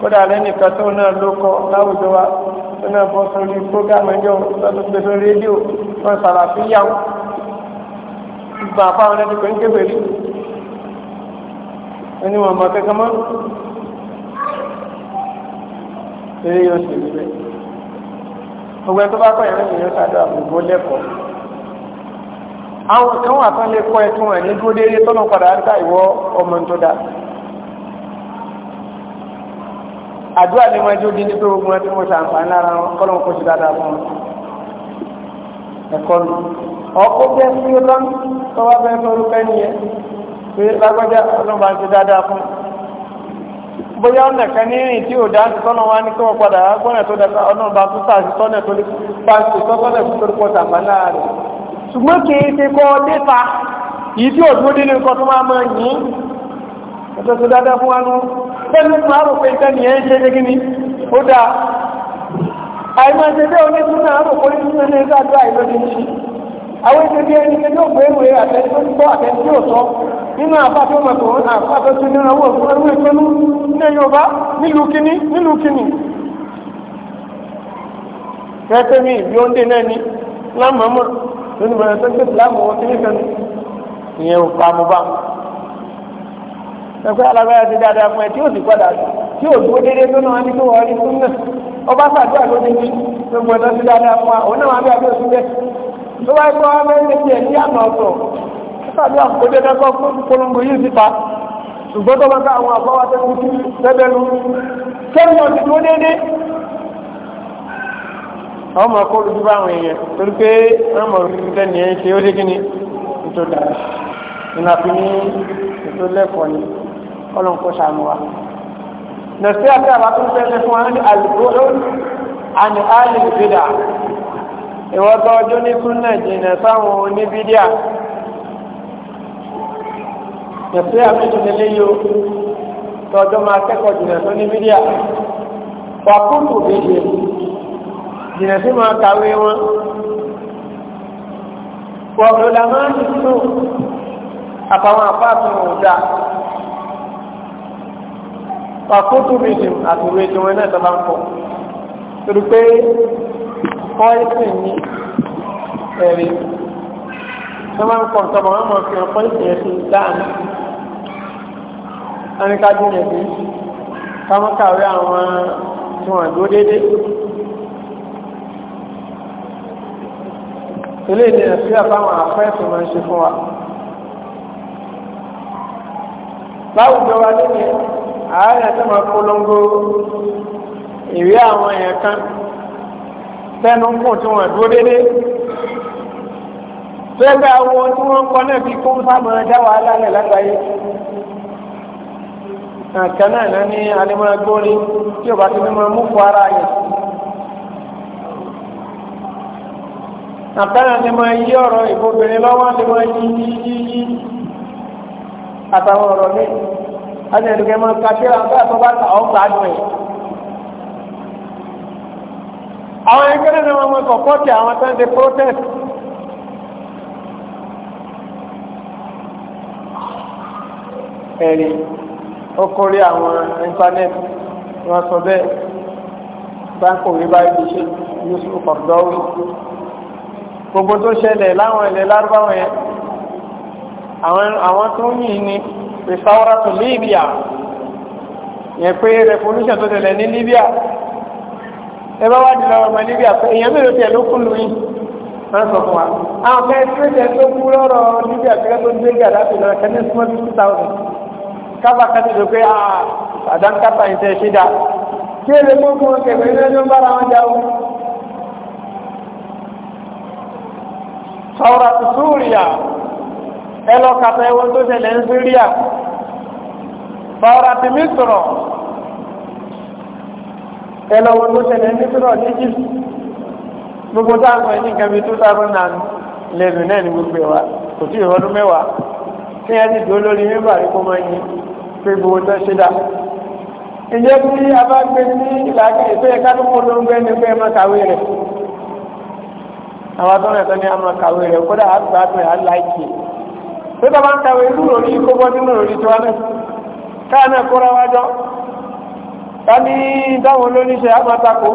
kódà lẹ́nìkan tó náà ló kọ́ láwùjọ wa tó náà bọ́ sórí program ẹjọ́ lọ́dún tó sórí rédíò wọn sàrà fi yàwó gbogbo àfáwọn ẹni kò ń kébè rí ẹni wọn mọ kankan mọ́ eré yóò sì rí bẹ́ẹ̀ gbogbo ẹni tó bá kọ́ ẹ̀rọ ìyẹn sàdọ̀ àbùgbò lẹ́kọ̀ọ́ àwọn kan wà tán lè kọ́ ẹ̀tún ẹ̀ ní dúró déédéé tọ́nà padà ń ìwọ ọmọ tó dáa àdúrà ni wọ́n jó di ní pé ogun ẹtí mo ṣàǹfààní lára wọn kọ́ lóun kó ṣe dáadáa fún wọn ẹ̀kọ́ nù ọkọ̀ bẹ́ẹ̀ fún yóò lọ́nù tó wá bẹ́ẹ̀ fún orúkọ ẹnìyẹn pé lágbájá ọlọ́run bá ń ṣe dáadáa fún bóyá ọ̀nà kan ní ìrìn tí ò dáńtì tọ́nà wá ní kí wọ́n padà gbọ́nà tó dáa ọlọ́run bá tún sáà sí tọ́nà tó lè bá ṣe tọ́nà tó lè pọ̀ ṣàǹfààní lára rẹ̀ ṣùgbọ́n kì í ṣe kọ́ déta yìí tí ò dúró nínú nǹkan tó máa mọ yìí ẹ̀tọ́ tó dáadáa fún wa nù bẹ́ẹ̀ ní máa rò pé nǹkan nìyẹn ṣe ṣe gíní ó dáa àìmọ̀ ṣe bẹ́ẹ̀ oní tún náà rò pé ní tún ní sáàdúrà ìlú ti ṣí àwọn ìṣe bí ẹni pé yóò gbé ìwé àtẹ̀sọ́ àtẹ̀sí òtọ́ nínú àbá tó mọ̀ tó àbá tó ti nínú owó ìfúnná ìwé ìfúnnú ilé Yorùbá nílùú kíní nílùú kíní. kẹ́kẹ́ mi ìbí oúnjẹ náà ní lámàmọ́ lónìí bẹ̀rẹ̀ tó ń gbé ìsìlámù wọn kí ẹgbẹ́ alágbára ti dáadáa fún ẹ tí ó sì padà tí ó dúró déédéé tó náà ní tó wọ́n rí fún náà ọba sàdúrà ló ti ní gbogbo ẹ̀dọ́ ti dáadáa fún wa òun náà wà bí abẹ́ òsùn bẹ́ẹ̀ tó wáyé kó wá bẹ́ẹ̀ lè tiẹ̀ ní àmà ọ̀tọ̀ sàdúrà kó dé dákọ́ polongo yìí ti pa ṣùgbọ́n tó bá ká àwọn àbáwá tó kú tẹ́bẹ̀ lu kẹ́mi ọ̀sìn dúró déédéé àwọn ọmọ akọ́lù bí ètò lẹ́kọ̀ọ́ ni ọlọ́run kó ṣàánú wa nọ̀sí àti àbátú fẹ́ẹ́ fún wa ní àlùbọ́rò àni àlè ìbílà ìwọ́gbọ́ ọjọ́ ní súnà jìnnà sáwọn oníbídíà nọ̀sí àmìtò nílé yìí ó tọjọ́ máa kẹ́kọ̀ọ́ jìnnà tó níbídíà wà kúrò bèjì jìnnà sí máa kàwé wọn wọ́n lọ́la máa ń sùn àtàwọn àpáàtì ọ̀dà pàkótó rìsìm àti ìwé tí wọn náà tó bá ń pọ̀ torí pé pọ́ìsìn ní ẹ̀rí tó máa ń pọ̀ nǹkan mọ̀ wọ́n mọ̀ fi hàn pọ́ìsìn yẹn sí dáàmú anìkájú yẹn sí kámọ́kàwé àwọn tí wọ́n dúró déédéé. ilé ìdí ẹ̀sí àbáwọn àfẹ́ẹ̀sì máa ń ṣe fún wa. báwo jọba nínú ààrẹ tó máa polongo ìwé àwọn èèyàn kan tẹnu ń kùn tí wọ́n dúró déédéé fẹ́gbẹ́ àwọn tí wọ́n ń kọ́ náà fi kó ń sábà dá wàhálà lẹ̀ lágbàáyé nǹkan náà náà ní alimọ̀ agbórí tí ò bá ti ní mọ̀ mú fún ara yẹn. àpẹẹrẹ ni máa yí ọ̀rọ̀ ìbòbìnrin lọ́wọ́ ni máa yí yí yí àtàwọn ọ̀rọ̀ míì ọ̀sẹ̀ ìdùkẹ́ mọ́ kàtẹ́ ọ̀gá ẹ̀fọ́ bá ta ọ̀gbà dùn ẹ̀. àwọn ẹgbẹ́ náà wọ́n mọ sọ̀pọ́tì àwọn tó ń ṣe protest. ẹ̀rí ó kórè àwọn íńtánẹ́ẹ̀tì wọ́n sọ bẹ́ẹ̀ báńkò rí báyìí ṣe Yusuf Qaradawi gbogbo tó ṣẹlẹ̀ láwọn ilẹ̀ lárúbáwọn yẹn àwọn tó ń yìn ní resauratu Libya yẹn pé revolution tó tẹ̀lẹ̀ ní Libya ẹ wá di lọ́rọ̀ ọmọ Libya pé èèyàn mélòó tiẹ̀ ló kú lu yìí wọ́n sọ fún wa àwọn kan ẹ̀sìrẹ́sẹ̀ tó kú lọ́rọ̀ Libya kíkẹ́ tó dé gà láti lọ́rọ̀ kẹ́ni súnmọ́ fifty thousand kábà kẹ́ni tó pé ah, àdáńkápá yìí tẹ̀ ṣe dá kí èrè mú fún un kẹ̀mẹ́ ní ẹni bára wọn jà ó. sauratu Suriya ẹ lọ kàtà ẹwọn tó ṣẹlẹ̀ ń síríà fàwọn àti mísọ̀rọ̀ ẹ lọ wọn tó ṣẹlẹ̀ ń mísọ̀rọ̀ ní Egypt gbogbo táwọn ẹni nǹkan bíi two thousand and eleven náà ni gbogbo ẹ wa kò tí ì ọdún mẹ́wàá kí ẹ ti dúró lórí mímbà rí kó máa yin pé gbogbo tó ṣe dà ìjẹ́ tí a bá gbé sí ìlàkà ìfẹ́ ẹ̀ká tó kó ló ń gbé ní pé ẹ máa kàwé rẹ̀ àwọn tó rẹ̀ tó ní a máa kàwé rẹ̀ kódà àgbà tó yà tó tọ́ bá ń kàwé inú òrí kó bọ́ nínú òrí tí wọ́n náà káà náà kóra wá jọ ká ní dáwọn olóníṣẹ́ àmọ́tako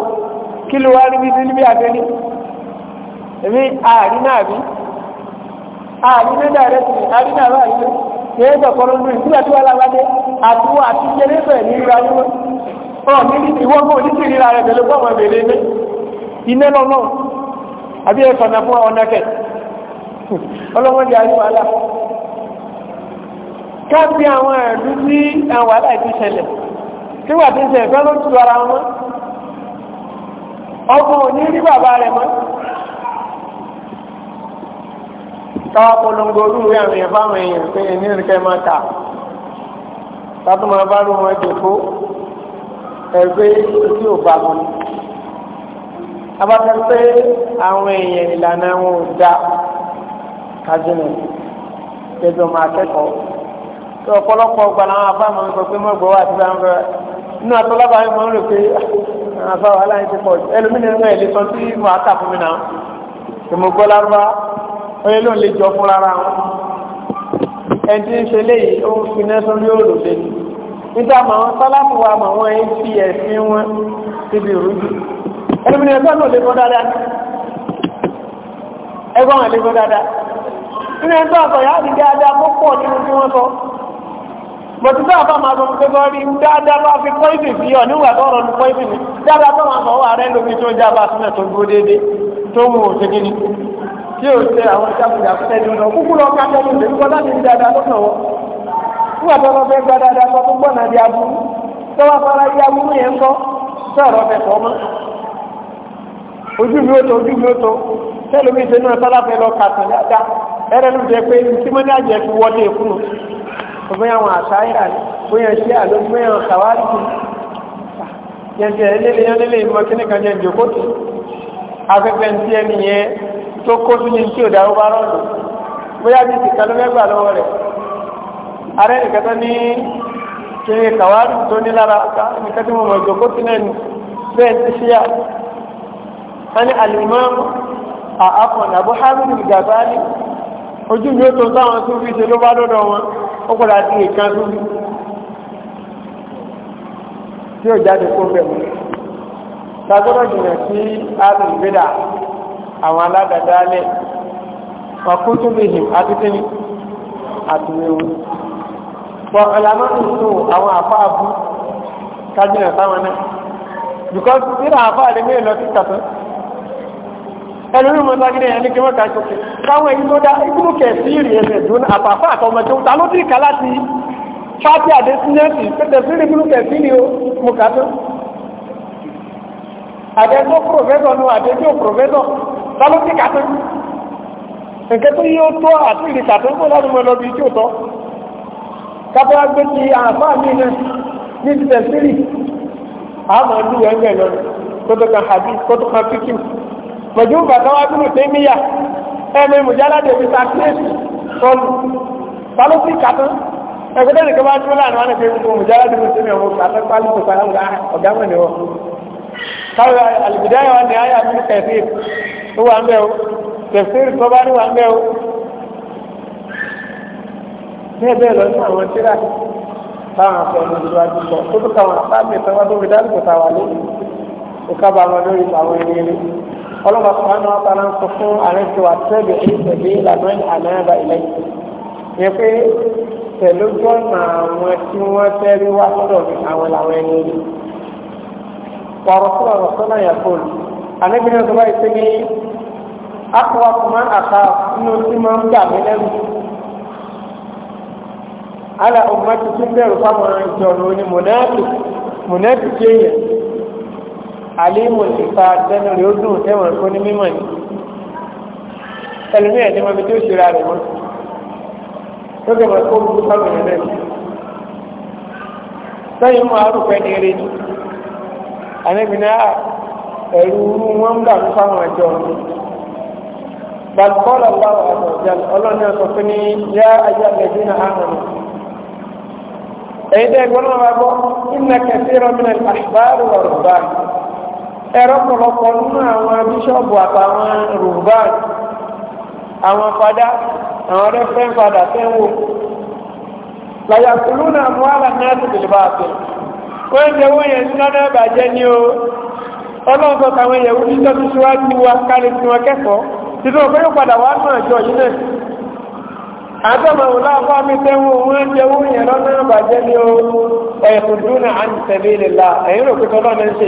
kí ló wá rí bí sí níbi àgbélé èmi ààrí náà bí ààrí náà dàrẹ́ sí ààrí náà bá yíyó kí ẹ sọ̀kọ́ ló ń rí síbẹ̀ tí wọ́n lágbádé àtiwọ́ àti jẹ́lé bẹ̀ ní ìrora yíwọ́ ọ̀ ní ìwọ́n kò ní sí rẹ̀ pẹ̀lú fọ́ọ̀mù ẹ̀bẹ̀rẹ̀ ní iná lọ́nà àbí ẹ̀sọ̀nà fún ọ̀nà kẹ̀ ọlọ́wọ́n di àríwá ká sí àwọn ẹ̀lú sí àwọn wàhálà ìtúṣẹlẹ̀ nígbà tí ń ṣe ìfẹ́ ló tu ara wọn ọkọ̀ òní rí bàbá rẹ̀ mọ́ káwà polongo orú rí àwọn èèyàn fáwọn èèyàn pé ní ìrìnkẹ́ máa kà látọ́ máa bá ló wọn jòkó ẹgbẹ́ tí ò bá wọn abáfẹ́ pé àwọn èèyàn ìlànà wọn ò dá kájínà ẹgbẹ́ ọmọ akẹ́kọ̀ọ́ tó ọ̀pọ̀lọpọ̀ ọgbà làwọn afá máa ń sọ pé mọ̀gbọ́ wà tí wọ́n fẹ́ inú àtọ́lábà yìí máa ń rò pé àwọn ah, afá wà láyé ti pọ̀ jù ẹlòmínì ń rẹ̀ lè sọ tí mo á kà fún mi náà èmo gbọ́ lárúbá oyè ló ń lè jọ fún rárá wọn ẹni tí ń ṣe léyìí ó ń fi nẹ́sán ní òòlù lé ní níta mà wọn sálámù wa mà wọn ń fi ẹ̀sìn wọn síbi ìrújú ẹlòmínì ẹgbẹ́ mọ̀tútù àbá máa sọ pé kọ́ rí dáadáa bá fi pọ́ìsì sí ọ nígbà tó ọ̀rọ̀ ní pọ́ìsì ni dáadáa máa sọ wà rẹ lómi tó já bá sílẹ̀ tó dúró déédéé tó mú òṣè tí ò ṣe àwọn kúkú lọ ká kọ́ láti ní dáadáa nígbà tó lọ fẹ́ gba dáadáa sọ tó di aburú tó wá fara aburú yẹn kọ́ sọ̀rọ̀ fẹ́ bóyá àwọn àṣáyà ni bóyá ṣé àlójú bóyá àwọn kàwárí ni yẹnjẹ ẹlẹ́lẹ́ ẹlẹ́lẹ́ ìmọ̀ kíní kan yẹn jòkó tó afẹ́fẹ́ ń tí ẹni yẹn tó kó sí ní tí ò dáró bá rọ̀lù bóyá bí ìsìnká ló mẹ́gbà lọ́wọ́ rẹ̀ ààrẹ nìkan tó ní kíní kàwárí tó ní lára ká nìkan tó mọ̀ jòkó tó náà ni bẹ́ẹ̀ ti ṣíyà wọ́n ní àlùmọ́ àáfọ̀n àbúhárù ìgbàgbá ojú mi ó tó táwọn tó fi ṣe ló bá dọ́dọ̀ wọn ó gbọ́dọ̀ àti nìkan lórí tí ó jáde kó bẹ̀ mú tagbọ́dọ̀ jìnà sí alùgbéda àwọn aládàdálẹ̀ ọkùntúnbìhìm àtúntìní àtúnwéwò pọ̀ ọ̀làmọ́ nìtò àwọn àfá abú kájìnà sáwọn náà because nígbà àfá àdé mẹ́rin lọ sí kàtọ́ ẹlòmí mọ́ ságídé ẹni kí wọ́n kàṣọ kí káwọn ẹni tó dá ikúrú kẹ̀sí rí ẹsẹ̀ dún àpapọ̀ àtọmọ tó ta ló dìkà láti fáti àdé sílẹ̀sì pẹ̀tẹ̀ sí rí ikúrú kẹ̀sí rí o mo kà tó. àdé tó pòfẹ́sọ̀ nu àdé tó pòfẹ́sọ̀ ta ló dìkà tó. nǹkẹ́ tó yíyó tó àti ìrìkà tó ń bọ̀ láti mọ lọ bí tí ò kan hadith pẹ̀lú bàtàwà bínú tèmíyà ẹ̀mí mùjáládé fi sàkíyèsí sọ́lù pálọ́ sí kàtán ẹgbẹ́dẹ́ nìkan bá dúró láàrin wọn ní pé gbogbo mùjáládé fi tèmíyà wọn kàtán pálọ́ sí kàtán ọ̀gá mọ̀ ní wọn. káwé àlùbídẹ́ wọn ni àyà mi kẹfì ó wà ń bẹ́ o kẹfì tó bá ní wà ń bẹ́ o. bẹ́ẹ̀ bẹ́ẹ̀ lọ sí àwọn tíra táwọn afẹ́ni ìdíwájú sọ tó tó káwọn afáàmì ìtọ́wá tó fi dá ọlọ́ba sọ́nà ọ̀tara ń sọ fún àrẹ́sọ̀ àtẹ́bẹ̀ ìṣẹ̀bí ìlànà ànáyàbá ilẹ̀ yẹ pé pẹ̀lú gbọ́nà àwọn tí wọ́n fẹ́ wá sọ́dọ̀ mi àwọn làwọn ẹni rí wàrọ̀sọ̀rọ̀ sọ́nà na àlẹ́bìnrin ọ̀sọ́ báyìí pé ní akọ̀wá kùmá àká tí máa ń gbà mí alẹ́ ti tún bẹ̀rù fáwọn ní mọ̀nẹ́ẹ̀tì mọ̀nẹ́ẹ̀tì àlémù ìfà tẹnu rẹ̀ ó dùn tẹ́wọ̀n kó ní mímọ̀ ní ẹlòmíì ẹ̀dẹ́ mọ́bi tí ó ṣe ra rẹ̀ mọ́ tó kẹ́mọ̀ kó gbogbo fáwọn èèyàn rẹ̀ sẹ́yìn mú arúgbó ẹni rẹ̀ ni àníbìnrin á ah, ẹ̀rù wọn ń dà fáwọn ẹ̀jọ́ mi balùkọ́lọ̀ wà wà lọ́jà ọlọ́ni ọ̀sọ̀ fún ní yá ayé àgbẹ̀dì náà hàn ẹ̀rọ pọ̀lọpọ̀ nínú àwọn bíṣọ́ọ̀bù àtàwọn rùbáàn àwọn fadá àwọn rẹ́fẹ́ǹ fadà tẹ́wò làyàkùlù náà mú àlà náà ti bèlè bá yẹn náà bàjẹ́ o síwájú wa kárí kẹ́kọ̀ọ́ títí wọn padà wá náà jọ náà àtọ́mọ̀ mi wọ́n ń yẹn bàjẹ́ o ń tẹ̀lé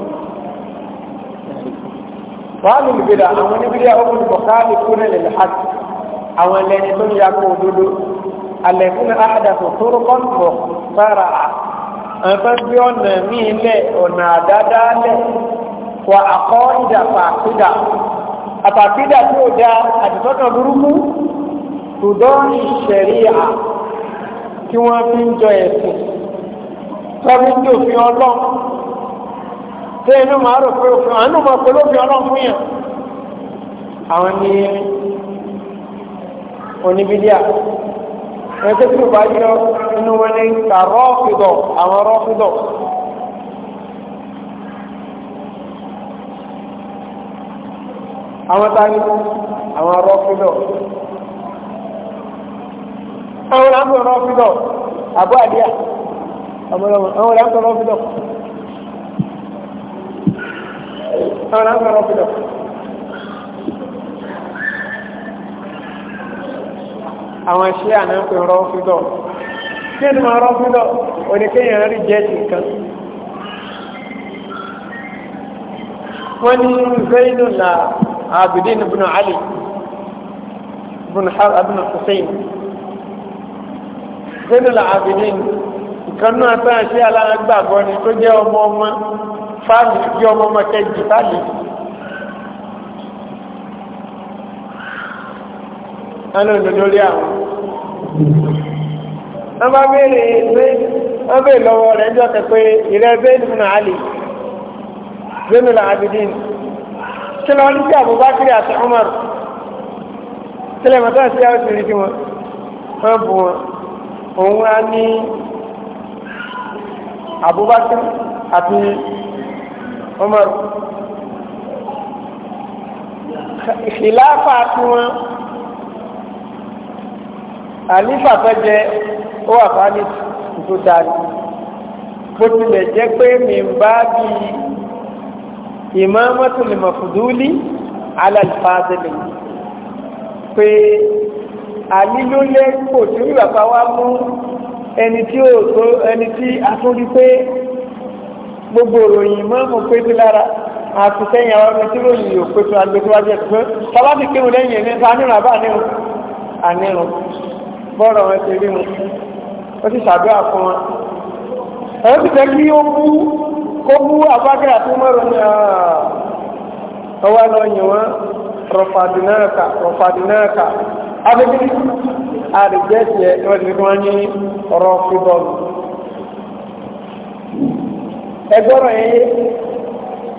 wàhálù ìgbéra àwọn oníbírí àwọn olùmọ̀káàlì kúrẹ́ lè hàt àwọn ẹlẹ́ni tó ń ya kó òdodo alẹ́kùn àdàtò tóró kọ́ńtò sára àwọn bí ọ̀nà míì lẹ̀ ọ̀nà àdáadáa wà àkọ́ ìdà pàkídà àpàkídà tí ó dá àdìsọ́kàn burúkú tùdọ́ ìṣẹ̀ríà tí wọ́n fi ń jọ ẹ̀sìn tọ́bí tí òfin ọlọ́run tí ẹnu máa rò pé òfin àánú máa pé lófin ọlọ́run fún yàn àwọn ní oníbídíà ẹgbẹ́ tí ó bá yọ inú wọn ní ta rọ́ọ̀fìdọ̀ àwọn rọ́ọ̀fìdọ̀ àwọn tani àwọn rọ́ọ̀fìdọ̀ àwọn làǹtọ̀ rọ́ọ̀fìdọ̀ àbúrò àdíyà àwọn làǹtọ̀ rọ́ọ̀fìdọ̀. ara ń rọrùn fìlọ. àwọn iṣẹ́ àná ń pè rọrùn fìlọ kí ẹni máa rọrùn fìlọ oníkéyàn rí jẹ́ẹ̀tì kan wọ́n ní zainu na abidin ibn ali ibn har ibn hussein zainu na abidin ìkànnú àtàṣe alágbàgbọ́ ni tó jẹ́ ọmọ ọmọ fáàlì bí ọmọ ọmọ kẹjì fáàlì. ẹnu ìlú lórí àwọn. wọ́n bá béèrè pé wọ́n béèrè lọ́wọ́ rẹ̀ ń jọ́kẹ́ pé ìrẹ́ bẹ́ẹ̀ni múnà àlè bẹ́ẹ̀ni là ábídín. kí lọ́wọ́ ní sí àbúbákiri àti Umar kí lè mọ̀tọ́ sí àwọn ìṣòro tí wọ́n wọ́n bù wọn òun á àti Umar ìlàfà tí wọ́n àlífà fẹ́ jẹ ó wà fà ní tó dáadé bó tilẹ̀ jẹ́ pé mi ń bá bí ìmọ̀ọ́mọ́tò lè mọ̀fùdúlì alàlùfáàdìlì pé àlílólé tí ó yàtọ̀ wá mú ẹni tí ó tó ẹni tí a tún rí pé gbogbo òròyìn mọ́mù pé tí lára àti sẹ́yìn àwọn ọmọ tí ó yìí ò pé tí wọ́n gbogbo wájẹ́ pé sábàbí kí wọ́n lẹ́yìn ẹ̀mí anírun àbá anírun anírun bọ́ọ̀rọ̀ wọn ti rí wọn ó sì ṣàdúrà fún wọn. ẹ̀rọ ti fẹ́ kí ó bú kó bú abákẹ́rẹ́ àti mọ́rọ̀ ní ọwọ́ lọ yìn wọ́n rọ̀fàdínáàkà rọ̀fàdínáàkà abẹ́bí àrègbẹ́sì ẹ̀ ẹgbọ́rọ̀ yẹn yé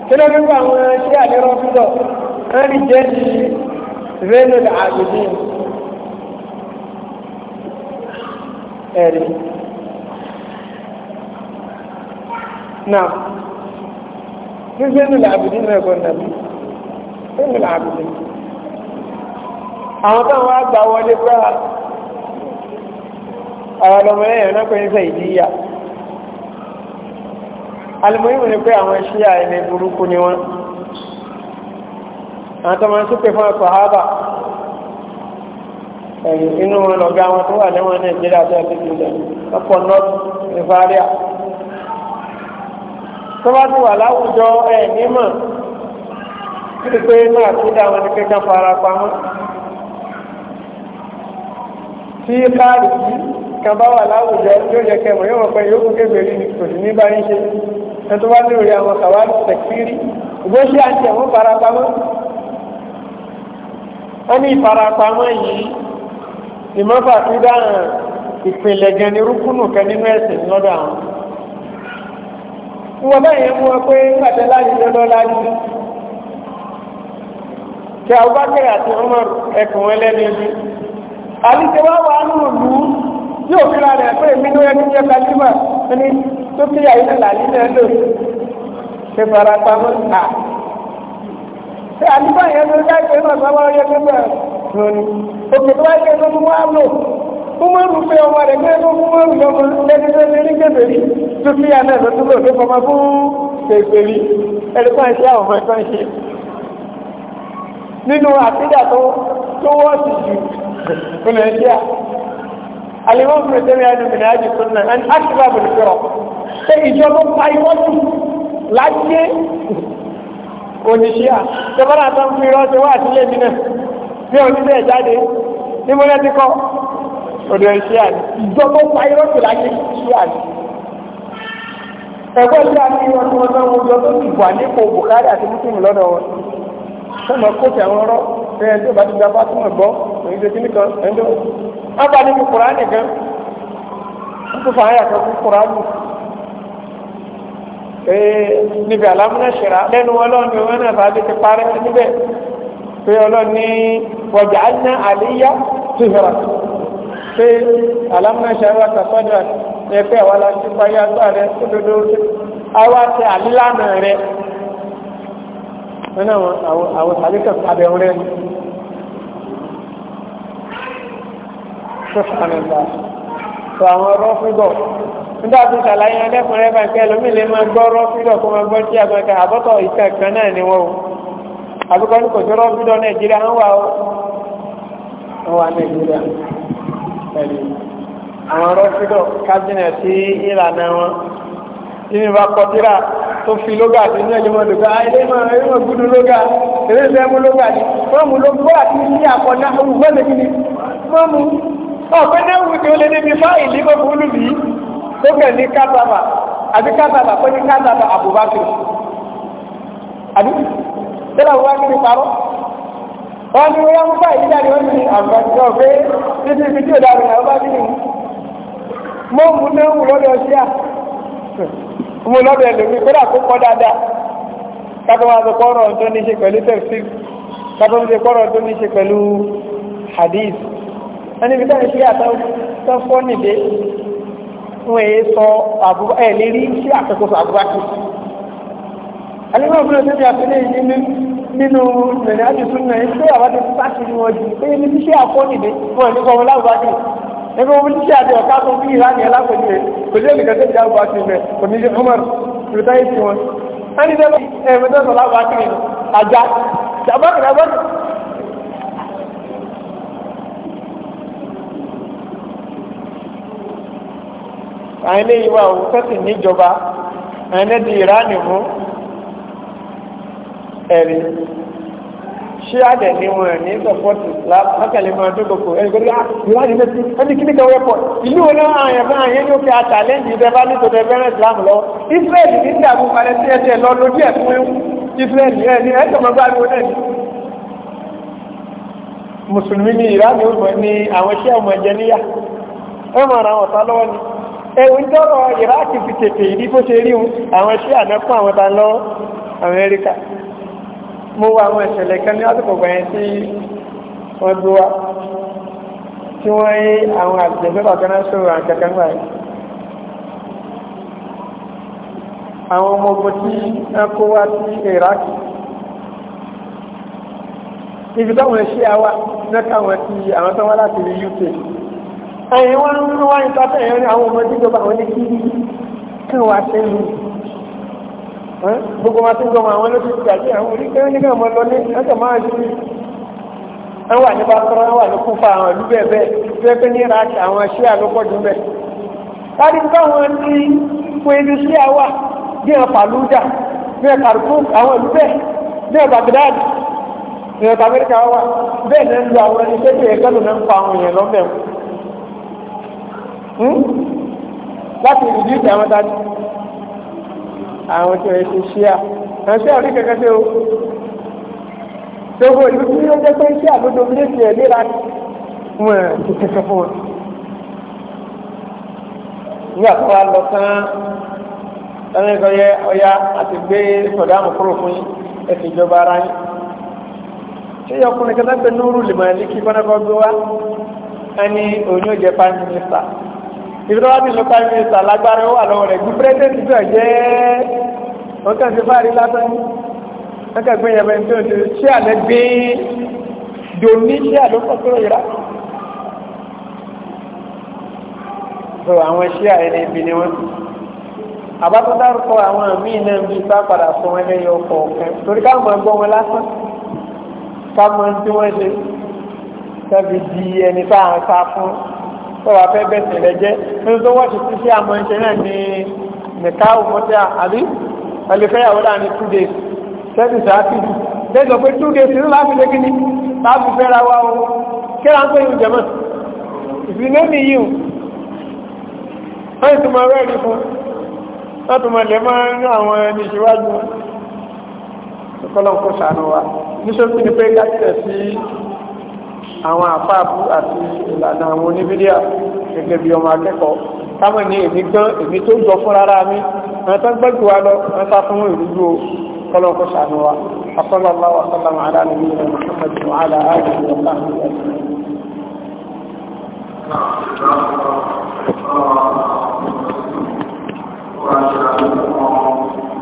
kí ló dúró àwọn ṣé àlérọ́ fúdọ̀ wọ́n rí jẹ́ ti rẹ́nu àgbèdè ẹ̀rí. Náà ní rẹ́nu àgbèdè náà kọ́ nàbí rẹ́nu àgbèdè. Àwọn táwọn wá gbà wọlé pẹ́ àwọn ọmọ ẹ̀yàn náà kọ́ ní sẹ́yìn díyà alimoyimu ni pé àwọn ṣíà ẹni burúkú ni wọ́n àwọn tó máa ń súpè fún ọkọ̀ hábà ẹ̀yìn inú wọn lọ̀gá wọn tó wà lẹ́wọ̀n nàìjíríà tó ẹ̀sìn ìjìnlẹ̀ ọkọ̀ north rivaria tó bá ti wà láwùjọ ẹ̀ nímọ̀ títí pé náà tó dá wọn ní kékan fara pamọ́ tí káàdì kan bá wà láwùjọ yóò yẹ kẹmọ yóò mọ̀ pé yóò kú kébèrè kò sí ní báyìí ṣe ẹni tó bá ní orí àwọn kàwáàdì tẹ̀kírí ṣùgbọ́n ṣé àti àwọn farapamọ́ wọ́n ní ìfarapamọ́ yìí ìmọ̀fà tó dáhàn ìpìlẹ̀ gan ni rúkúnù kan nínú ẹ̀sìn lọ́dọ̀ àwọn wọ́n báyìí mú ọ pé pàtẹ́ láti lọ́dọ́ láti kí Abubakar àti Umar ẹkùn ẹlẹ́ni ojú àti tí wọ́n wà nínú ìlú yóò fi ra rẹ̀ pé èmi ló yẹ kí n ẹni tó kí àyè náà làyè náà lò ṣe fara pamọ́ ta. ṣé àdúgbò yẹn ló dá ìpè náà sábà yẹ kó bẹ̀rẹ̀ lónìí òkè tó wáyé tó tún wá lò kúmọ̀rù pé ọmọ rẹ̀ gbé tó kúmọ̀rù lọ́mọ lẹ́ni tó lé ní kébèrè tó kí àyè náà lọ́tún lò tó fọmọ fún kébèrè ẹni kan ṣe àwọn ọmọ ẹ̀kan ṣe. nínú àtijọ́ tó tó wọ́ọ̀sì jù kò lè ṣe à. alimọ́ mi tẹ́lẹ̀ ẹni mi náà jù tó nà ẹni á ti bá bọ̀ ṣe ìjọba pa ìwọ́jú láyé oníṣíà tẹ́bọ́nà tó ń fi rọ́ọ̀tì wá sílé mi náà bí oníṣẹ́ jáde ní mo lẹ́tí kọ́ ọ̀dọ̀ ìṣíà ni ìjọba pa ìrọ́ọ̀tì láyé ìṣíà ni ẹgbẹ́ tí a ní ọdún ọdún ọdún ọjọ́ tó ti wà nípò Bùkárí àti Mùsùlùmí lọ́dọ̀ wọn tó mọ̀ kó tẹ̀ wọn rọ́ ẹ̀yẹ tó bá ti gba fásitì gbọ́ èyí tó kíní kan ẹ̀ńdọ́ wọn bá níbi Kùránì gan wọn tó fà á yàtọ̀ fún Kùránì níbi àlámúná ṣẹ̀rá lẹ́nu ọlọ́ọ̀ni wọn náà bá ti parẹ́ níbẹ̀ pé ọlọ́ọ̀ni wọ̀jà á ná àléyá tó hẹ̀rọ pé àlámúná ṣẹ̀rá kàkọ́dà ẹ pé àwa la ti parí agbá rẹ kódodo àwa ti àlílànà rẹ wọn náà àwọn àlékàn abẹ̀wọ̀n rẹ ni. sọ́kànnì bá sọ àwọn ọ̀rọ̀ fún nígbà tó ṣàlàyé ẹlẹ́kùnrin ẹ̀fà ìpẹ́ ẹlòmíì lè máa gbọ́ rọ́fídọ̀ kó máa gbọ́ sí àgbẹ̀ka àbọ̀tọ̀ ìka kan náà ni wọ́n o àbíkọ́ ní kò sí rọ́fídọ̀ nàìjíríà ń wà o ń wà nàìjíríà pẹ̀lú àwọn rọ́fídọ̀ kájínà sí ìlànà wọn ìní bá kọtíra tó fi lóga àti ní ẹ̀yẹ́mọ̀ lóga ilé máa ilé máa gbúdú lóga eré ìfẹ́ mú lóga ni wọ́n mú lóga wọ́n àti ní àkọ́ná olùgbọ́n lè kí ni wọ́n mú ọ̀pẹ́ náà wù tí ó lé débi fáìlì gbogbo olùbí tó kẹ̀ ní kátàbà àbí kátàbà pé ní kátàbà Abubakar àbí tẹ́lá Abubakar parọ́ wọ́n ní wọ́n mú báyìí jáde wọ́n ní àgbàjọ pé títí ibi tí ò dáa nìyàwó bá dínì mọ́ mú náà wù lọ́dọ̀ ọ̀ṣíà mú lọ́dọ̀ ẹlòmíì kódà kó kọ́ dáadáa kátó wá sọ kọ́rọ̀ tó ní ṣe pẹ̀lú tẹ̀síf kátó wá sọ kọ́rọ̀ tó ní ṣe pẹ̀lú hadith ẹni bí táyà ṣíyà tó fọ́ nìdé fún ẹ sọ àbúrò ẹ lè rí iṣẹ́ àkẹ́kọ̀ọ́ àbúrákì. alimọ̀ fún ọdún tí a fi lè yí nínú nàìjíríà ti tún náà ṣé àwọn ti sáàkì ni wọ́n jù pé ní iṣẹ́ àkọ́nìdé wọn ní kọ́ wọn lábùbákì. ẹgbẹ́ wọn iṣẹ́ àti ọ̀ká tó bí ìlànà ẹ̀ lápẹ̀lú rẹ̀ kò sí ẹnìkan tó ti àbúrákì rẹ̀ kò ní ṣe fúnmọ̀ rìtáyìsì wọn. ẹni tẹ́lẹ̀ ẹ̀mẹ́tẹ́sọ̀ lábùbákì rẹ̀ àjá àwọn eléyìí wà ó sẹ́sìn níjọba àwọn ẹni di ìránì mú ẹ̀rí ṣé àdẹ̀ ni wọn ẹ̀ ní sọ́pọ́tì lákàlẹ̀ máa dókòkò ẹni pé ìwádìí lẹ́sí ẹni kí ní kan wẹ́pọ̀ ìlú wọn náà àyàn fún àyàn yóò fi àtàlẹ́jì ìdẹ́bá nítorí ẹgbẹ́rẹ́ ìsìlámù lọ Ísírẹ́lì ní ìdààmú parẹ́ sí ẹsẹ̀ lọ lójú ẹ̀ fún Ísírẹ́lì ẹ̀ ní ẹ̀sọ̀ mọ́ bá wọn náà ní. mùsùlùmí ni ìrámi ó mọ̀ ẹ̀wù ń tọrọ ìráàkì fi tètè ìdí bó ṣe rí un àwọn ṣé ànákún àwọn ta lọ amẹ́ríkà mo wo àwọn ìṣẹ̀lẹ̀ kan ní àsìkò gbà yẹn tí wọ́n gbé wa tí wọ́n yé àwọn àgbẹ̀ mẹ́fà kan náà sọ̀rọ̀ àwọn kankan gbà yẹn. àwọn ọmọ ogun tí wọ́n ti àwọn tó wá láti rí UK ẹ̀yìn wọn ń wá ìtafẹ́ ẹ̀yìn ní àwọn ọmọdé ìjọba àwọn ní kí kí wọ́n ṣe ń gbogbo wọn ti ń gbọmọ àwọn olóṣèlú gàdí àwọn oníkẹ́ oníkẹ́ ọmọ lọ ní ẹ̀jẹ̀ máa ṣe ń wà ní bàtọ́rọ́ wọ́n wà ní kúfà àwọn ìlú bẹ́ẹ̀ bẹ́ẹ̀ tí wọ́n pẹ́ ní ra àwọn ṣé àlọ́pọ̀jù bẹ́ẹ̀. láti ń káwọn ní pẹ̀lú sí àwà bí ẹ̀ pàlúdà bí ẹ̀ Kirkuk àwọn ìlú bẹ́ẹ̀ bí ẹ̀ Baghdad ìrọ̀tà Amẹ́ríkà wà bẹ́ẹ̀ ní ń lo àwọn ẹni tẹ́tẹ̀ ẹ̀kọ́ lónà ń pa àwọn èèyàn lọ́bẹ̀ẹ́ Hmm? láti ìdí ìtẹ̀ àwọn tani àwọn tí wọ́n ti ṣe à àwọn tí àwọn kẹ̀kẹ́ tó gbogbo ìlú tí wọ́n jẹ́ pé ṣé àlódò ilé tiẹ̀ léra wọn ti kẹ̀kẹ́ fún wọn. ní àkọ́wá lọ tán lọ́nà ìkọ́ yẹ ọya àti gbé sọ̀dáàmù kúrò fún yín ẹ̀sìn ìjọba ara yín. ṣé ọkùnrin kẹta pé núrù lè máa lé kí kọ́nàkọ́ gbé wá ẹni òun yóò jẹ́ prime minister ìdúrà bí lọ prime minister lágbára wà lọ́wọ́ rẹ̀ gbígbé tẹ́tí tó ẹ̀jẹ́ wọ́n kàn sí fáàrí lásán wọ́n kàn gbé yẹn bẹ́ẹ̀ tó ń ṣe ṣé àlẹ́ gbé dòní ṣé àlọ́ pọ̀ tó yẹra. so àwọn ṣé àyẹ̀lẹ̀ ibi ni wọ́n àbátúndà kọ àwọn míì náà bí sá padà fún wọn lẹ́yìn ọkọ̀ ọ̀kan torí káwọn máa gbọ́ wọn lásán káwọn tí wọ́n ṣe tẹ́bi di ẹni wà fẹ́ bẹ̀sẹ̀ rẹ jẹ́ nínú tó wọ́ọ̀tì sí sí àmọ́ ìṣe náà ní nìka òmọ́tẹ́ àbí ẹlẹ́fẹ́yàwó láàrin two days seven thirty lẹ́sọ̀ pé two days nínú láti lé kíní láti fẹ́ ra wa o kí là ń pè yín jẹ̀mọ́ ìfìlẹ́ mi yìí o wọ́n ti mọ ọ̀rẹ́ rí fún wọ́n ti mọ ilẹ̀ máa ń rí àwọn ẹni ìṣíwájú kọ́lọ́n kó sànù wa níṣẹ́ sí àwọn àfáàbù àti ìlànà àwọn oníbídíà gẹ́gẹ́ bí ọmọ akẹ́kọ̀ọ́ táwọn ní èmi gan èmi tó jọ fún rárá mi wọn tán gbẹ́gbẹ́ wa lọ wọn o kọlọ́kọ́ sànú Thank you.